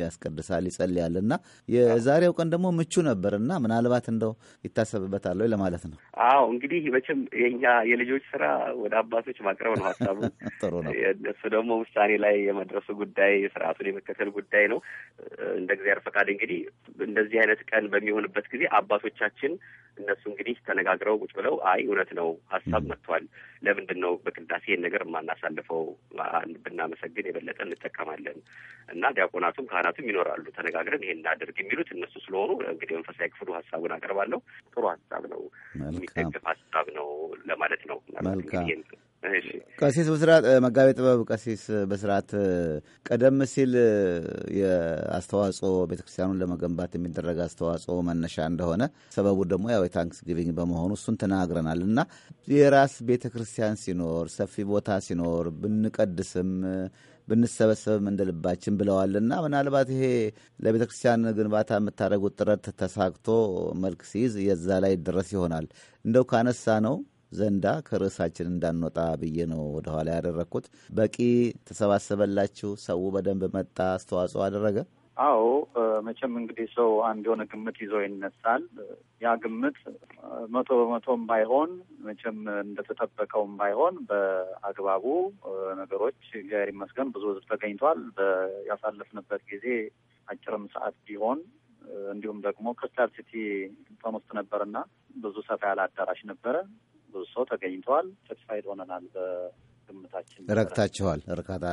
ያስቀድሳል ይጸልያል። እና የዛሬው ቀን ደግሞ ምቹ ነበር እና ምናልባት እንደው ይታሰብበታል ለማለት ነው። አዎ እንግዲህ መቼም የኛ የልጆች ስራ ወደ አባቶች ማቅረብ ነው ሀሳቡ። [laughs] እነሱ ደግሞ ውሳኔ ላይ የመድረሱ ጉዳይ ስርዓቱን የመከተል ጉዳይ ነው። እንደ እግዚአብሔር ፈቃድ እንግዲህ እንደዚህ አይነት ቀን በሚሆንበት ጊዜ አባቶቻችን እነሱ እንግዲህ ተነጋግረው ቁጭ ብለው አይ እውነት ነው ሀሳብ መጥቷል፣ ለምንድን ነው በቅዳሴ ይህን ነገር የማናሳልፈው? ብናመሰግን የበለጠ እንጠቀማለን እና ዲያቆናቱም ካህናቱም ይኖራሉ ተነጋግረን ይሄን እናድርግ የሚሉት እነሱ ስለሆኑ እንግዲህ መንፈሳዊ ክፍሉ ሀሳቡን አቀርባለሁ። ጥሩ ሀሳብ ነው፣ የሚደግፍ ሀሳብ ነው ለማለት ነው። መልካም ቀሲስ በስርዓት መጋቤ ጥበብ ቀሲስ በስርዓት ቀደም ሲል የአስተዋጽኦ ቤተ ክርስቲያኑን ለመገንባት የሚደረግ አስተዋጽኦ መነሻ እንደሆነ ሰበቡ ደግሞ ያው የታንክስ ጊቪንግ በመሆኑ እሱን ተናግረናል እና የራስ ቤተ ክርስቲያን ሲኖር ሰፊ ቦታ ሲኖር ብንቀድስም ብንሰበሰብም እንደ ልባችን ብለዋልና ምናልባት ይሄ ለቤተ ክርስቲያን ግንባታ የምታደረጉት ጥረት ተሳክቶ መልክ ሲይዝ የዛ ላይ ድረስ ይሆናል እንደው ካነሳ ነው ዘንዳ ከርዕሳችን እንዳንወጣ ብዬ ነው ወደኋላ ያደረግኩት። በቂ ተሰባሰበላችሁ? ሰው በደንብ መጣ? አስተዋጽኦ አደረገ? አዎ መቼም እንግዲህ ሰው አንድ የሆነ ግምት ይዞ ይነሳል። ያ ግምት መቶ በመቶም ባይሆን መቼም እንደተጠበቀውም ባይሆን በአግባቡ ነገሮች እግዚአብሔር ይመስገን ብዙ ሕዝብ ተገኝቷል። ያሳለፍንበት ጊዜ አጭርም ሰዓት ቢሆን እንዲሁም ደግሞ ክሪስታል ሲቲ ውስጥ ነበርና ብዙ ሰፋ ያለ አዳራሽ ነበረ። ብዙ ሰው ተገኝተዋል። ሰቲስፋይድ ሆነናል። በግምታችን ረክታችኋል። እርካታ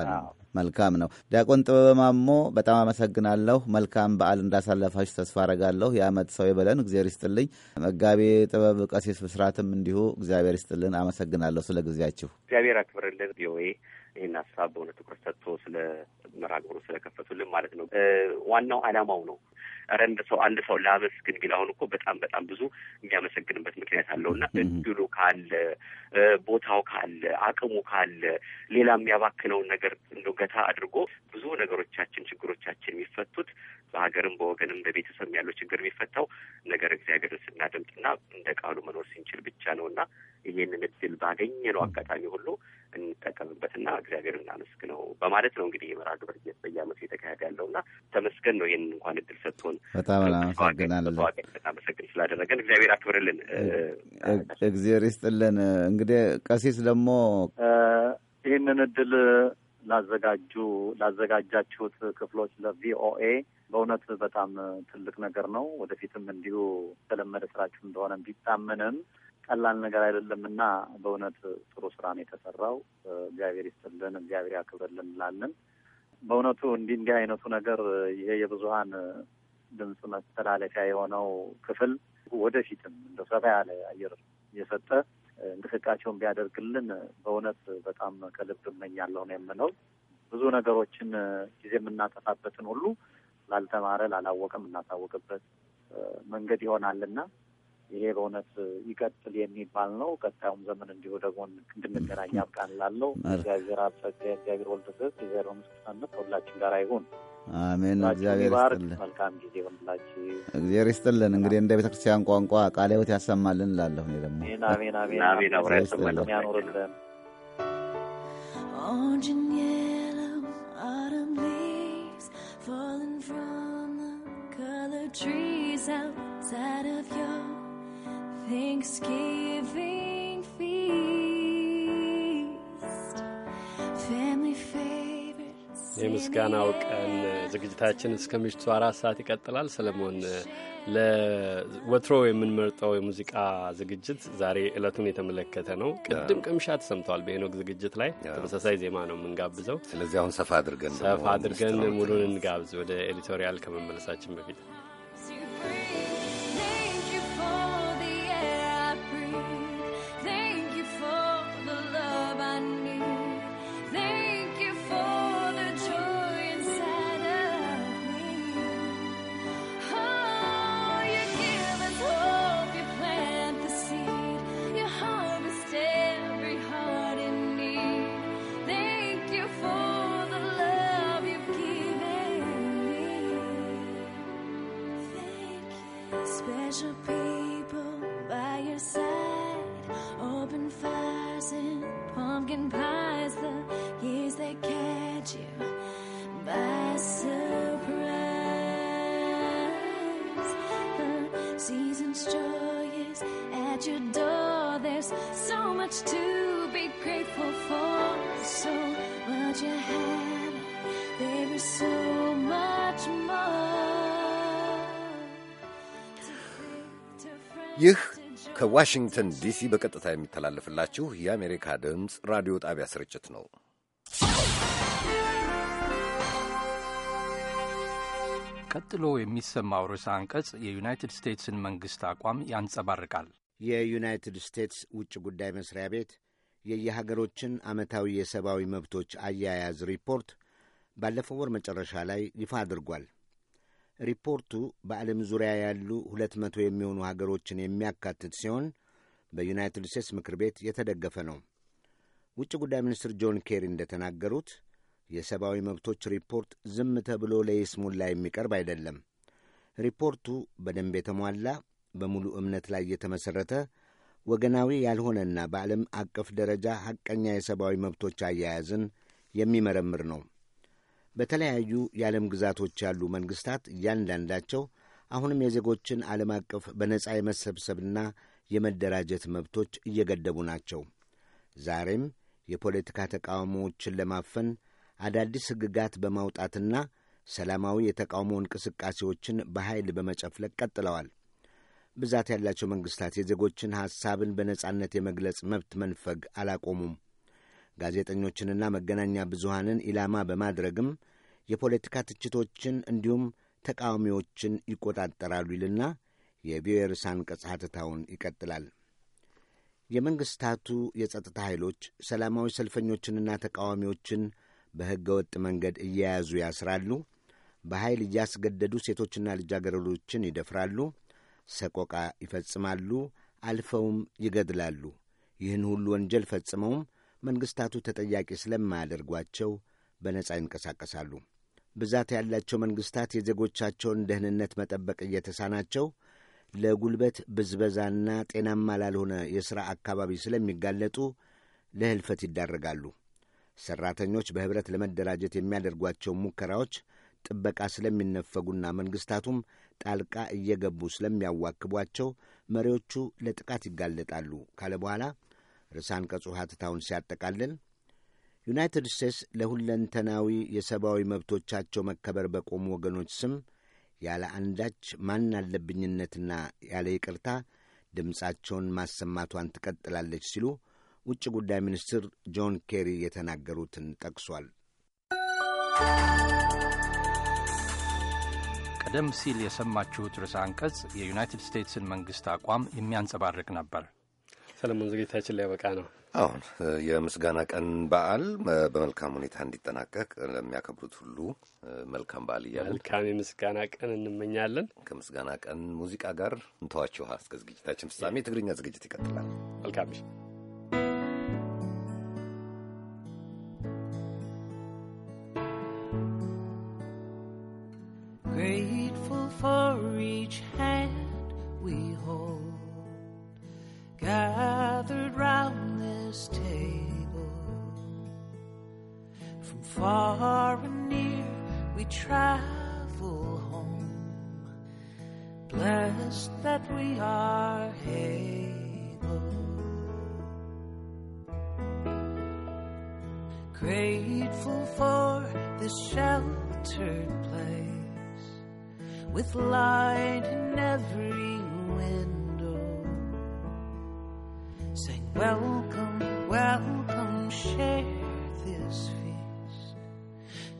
መልካም ነው። ዲያቆን ጥበበ ማሞ በጣም አመሰግናለሁ። መልካም በዓል እንዳሳለፋችሁ ተስፋ አረጋለሁ። የአመት ሰው የበለን እግዚአብሔር ይስጥልኝ። መጋቤ ጥበብ ቀሲስ ብስራትም እንዲሁ እግዚአብሔር ይስጥልን። አመሰግናለሁ ስለ ጊዜያችሁ። እግዚአብሔር አክብርልን። ቪኦኤ ይህን ሀሳብ በእውነት ትኩረት ሰጥቶ ስለ መርሃ ስለከፈቱልን ማለት ነው። ዋናው አላማው ነው። ኧረ እንደ ሰው አንድ ሰው ላመስግን ቢል አሁን እኮ በጣም በጣም ብዙ የሚያመሰግንበት ምክንያት አለው እና እድሉ ካለ ቦታው ካለ አቅሙ ካለ ሌላ የሚያባክነውን ነገር እንደው ገታ አድርጎ ብዙ ነገሮቻችን ችግሮቻችን የሚፈቱት በሀገርም በወገንም በቤተሰብ ያለው ችግር የሚፈታው ነገር እግዚአብሔርን ስናደምጥና እንደ ቃሉ መኖር ስንችል ብቻ ነው እና ይህንን እድል ባገኘነው አጋጣሚ ሁሉ እንጠቀምበትና እግዚአብሔር እናመስግነው በማለት ነው እንግዲህ የመርሃ ግብር በየዓመቱ የተካሄደ ያለው እና ተመስገን ነው። ይህን እንኳን እድል ሰጥቶን በጣም እናመሰግን ስላደረገን እግዚአብሔር አክብርልን፣ እግዚአብሔር ይስጥልን። እንግዲህ ቀሲስ ደግሞ ይህንን እድል ላዘጋጁ ላዘጋጃችሁት ክፍሎች ለቪኦኤ በእውነት በጣም ትልቅ ነገር ነው። ወደፊትም እንዲሁ የተለመደ ስራችሁ እንደሆነ ቢታመንም ቀላል ነገር አይደለም እና በእውነት ጥሩ ስራ ነው የተሰራው። እግዚአብሔር ይስጥልን፣ እግዚአብሔር ያክብርልን እንላለን። በእውነቱ እንዲህ እንዲህ አይነቱ ነገር ይሄ የብዙሀን ድምፅ መተላለፊያ የሆነው ክፍል ወደፊትም እንደ ሰፋ ያለ አየር እየሰጠ እንቅስቃሴውን ቢያደርግልን በእውነት በጣም ከልብ እመኛለሁ ነው የምለው። ብዙ ነገሮችን ጊዜ የምናጠፋበትን ሁሉ ላልተማረ ላላወቀ የምናሳውቅበት መንገድ ይሆናልና ይሄ በእውነት ይቀጥል የሚባል ነው። ቀጣዩም ዘመን እንዲሁ ደግሞ እንድንገናኝ ያብቃን ላለው እግዚአብሔር አብ እግዚአብሔር ወልድ ስስ እግዚአብሔር ምስክርነት ከሁላችን ጋር ይሁን። አሜን። እግዚአብሔር ይስጥልን። መልካም ጊዜ ሆንላችሁ። እግዚአብሔር ይስጥልን። እንግዲህ እንደ ቤተ ክርስቲያን ቋንቋ ቃለ ሕይወት ያሰማልን እላለሁ። እኔ ደግሞ አሜን፣ አሜን፣ አሜን። አብራ ያሰማልን ያኖርልን። Orange and Thanksgiving feast. Family favorites. የምስጋናው ቀን ዝግጅታችን እስከ ምሽቱ አራት ሰዓት ይቀጥላል። ሰለሞን ለወትሮ የምንመርጠው የሙዚቃ ዝግጅት ዛሬ እለቱን የተመለከተ ነው። ቅድም ቅምሻ ተሰምተዋል። በሄኖክ ዝግጅት ላይ ተመሳሳይ ዜማ ነው የምንጋብዘው። ስለዚህ አሁን ሰፋ አድርገን ሰፋ አድርገን ሙሉን እንጋብዝ። ወደ ኤዲቶሪያል ከመመለሳችን በፊት pumpkin pies, the years that catch you by surprise. The season's joy is at your door. There's so much to be grateful for. So what you have, there is so much more. ይህ ከዋሽንግተን ዲሲ በቀጥታ የሚተላለፍላችሁ የአሜሪካ ድምፅ ራዲዮ ጣቢያ ስርጭት ነው። ቀጥሎ የሚሰማው ርዕሰ አንቀጽ የዩናይትድ ስቴትስን መንግሥት አቋም ያንጸባርቃል። የዩናይትድ ስቴትስ ውጭ ጉዳይ መስሪያ ቤት የየሀገሮችን ዓመታዊ የሰብአዊ መብቶች አያያዝ ሪፖርት ባለፈው ወር መጨረሻ ላይ ይፋ አድርጓል። ሪፖርቱ በዓለም ዙሪያ ያሉ ሁለት መቶ የሚሆኑ ሀገሮችን የሚያካትት ሲሆን በዩናይትድ ስቴትስ ምክር ቤት የተደገፈ ነው። ውጭ ጉዳይ ሚኒስትር ጆን ኬሪ እንደተናገሩት የሰብአዊ መብቶች ሪፖርት ዝም ተብሎ ለይስሙላ የሚቀርብ አይደለም። ሪፖርቱ በደንብ የተሟላ በሙሉ እምነት ላይ የተመሠረተ ወገናዊ ያልሆነና በዓለም አቀፍ ደረጃ ሐቀኛ የሰብአዊ መብቶች አያያዝን የሚመረምር ነው። በተለያዩ የዓለም ግዛቶች ያሉ መንግሥታት እያንዳንዳቸው አሁንም የዜጎችን ዓለም አቀፍ በነጻ የመሰብሰብና የመደራጀት መብቶች እየገደቡ ናቸው። ዛሬም የፖለቲካ ተቃውሞዎችን ለማፈን አዳዲስ ሕግጋት በማውጣትና ሰላማዊ የተቃውሞ እንቅስቃሴዎችን በኃይል በመጨፍለቅ ቀጥለዋል። ብዛት ያላቸው መንግሥታት የዜጎችን ሐሳብን በነጻነት የመግለጽ መብት መንፈግ አላቆሙም። ጋዜጠኞችንና መገናኛ ብዙሃንን ኢላማ በማድረግም የፖለቲካ ትችቶችን እንዲሁም ተቃዋሚዎችን ይቆጣጠራሉ ይልና የቪኦኤ ርዕሰ አንቀጽ ሐተታውን ይቀጥላል። የመንግሥታቱ የጸጥታ ኃይሎች ሰላማዊ ሰልፈኞችንና ተቃዋሚዎችን በሕገ ወጥ መንገድ እየያዙ ያስራሉ፣ በኃይል እያስገደዱ ሴቶችና ልጃገረዶችን ይደፍራሉ፣ ሰቆቃ ይፈጽማሉ፣ አልፈውም ይገድላሉ። ይህን ሁሉ ወንጀል ፈጽመውም መንግሥታቱ ተጠያቂ ስለማያደርጓቸው በነጻ ይንቀሳቀሳሉ። ብዛት ያላቸው መንግሥታት የዜጎቻቸውን ደህንነት መጠበቅ እየተሳናቸው ለጉልበት ብዝበዛና ጤናማ ላልሆነ የሥራ አካባቢ ስለሚጋለጡ ለህልፈት ይዳረጋሉ። ሠራተኞች በኅብረት ለመደራጀት የሚያደርጓቸው ሙከራዎች ጥበቃ ስለሚነፈጉና መንግሥታቱም ጣልቃ እየገቡ ስለሚያዋክቧቸው መሪዎቹ ለጥቃት ይጋለጣሉ ካለ በኋላ ርዕሰ አንቀጹ ሐተታውን ሲያጠቃልል ዩናይትድ ስቴትስ ለሁለንተናዊ የሰብአዊ መብቶቻቸው መከበር በቆሙ ወገኖች ስም ያለ አንዳች ማን አለብኝነትና ያለ ይቅርታ ድምፃቸውን ማሰማቷን ትቀጥላለች ሲሉ ውጭ ጉዳይ ሚኒስትር ጆን ኬሪ የተናገሩትን ጠቅሷል። ቀደም ሲል የሰማችሁት ርዕሰ አንቀጽ የዩናይትድ ስቴትስን መንግሥት አቋም የሚያንጸባርቅ ነበር። ሰለሞን ዝግጅታችን ላይ ነው። አሁን የምስጋና ቀን በዓል በመልካም ሁኔታ እንዲጠናቀቅ ለሚያከብሩት ሁሉ መልካም በዓል እያሉ መልካም የምስጋና ቀን እንመኛለን። ከምስጋና ቀን ሙዚቃ ጋር እንተዋችኋ እስከ ዝግጅታችን ፍጻሜ የትግርኛ ዝግጅት ይቀጥላል። መልካም Grateful for each hand we hold. God travel home. Blessed that we are able. Grateful for this sheltered place with light in every window. Sing, welcome, welcome, share this feast.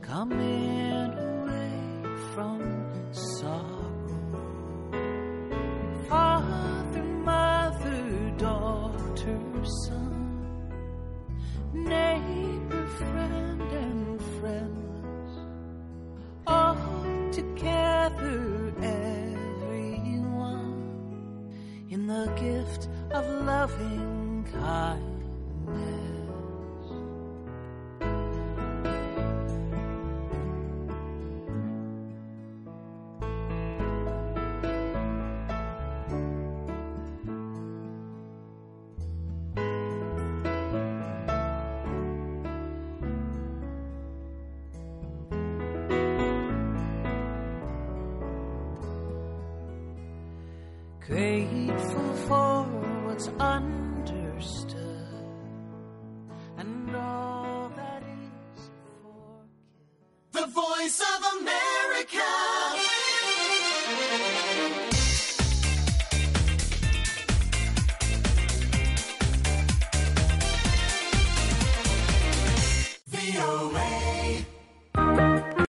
Come in.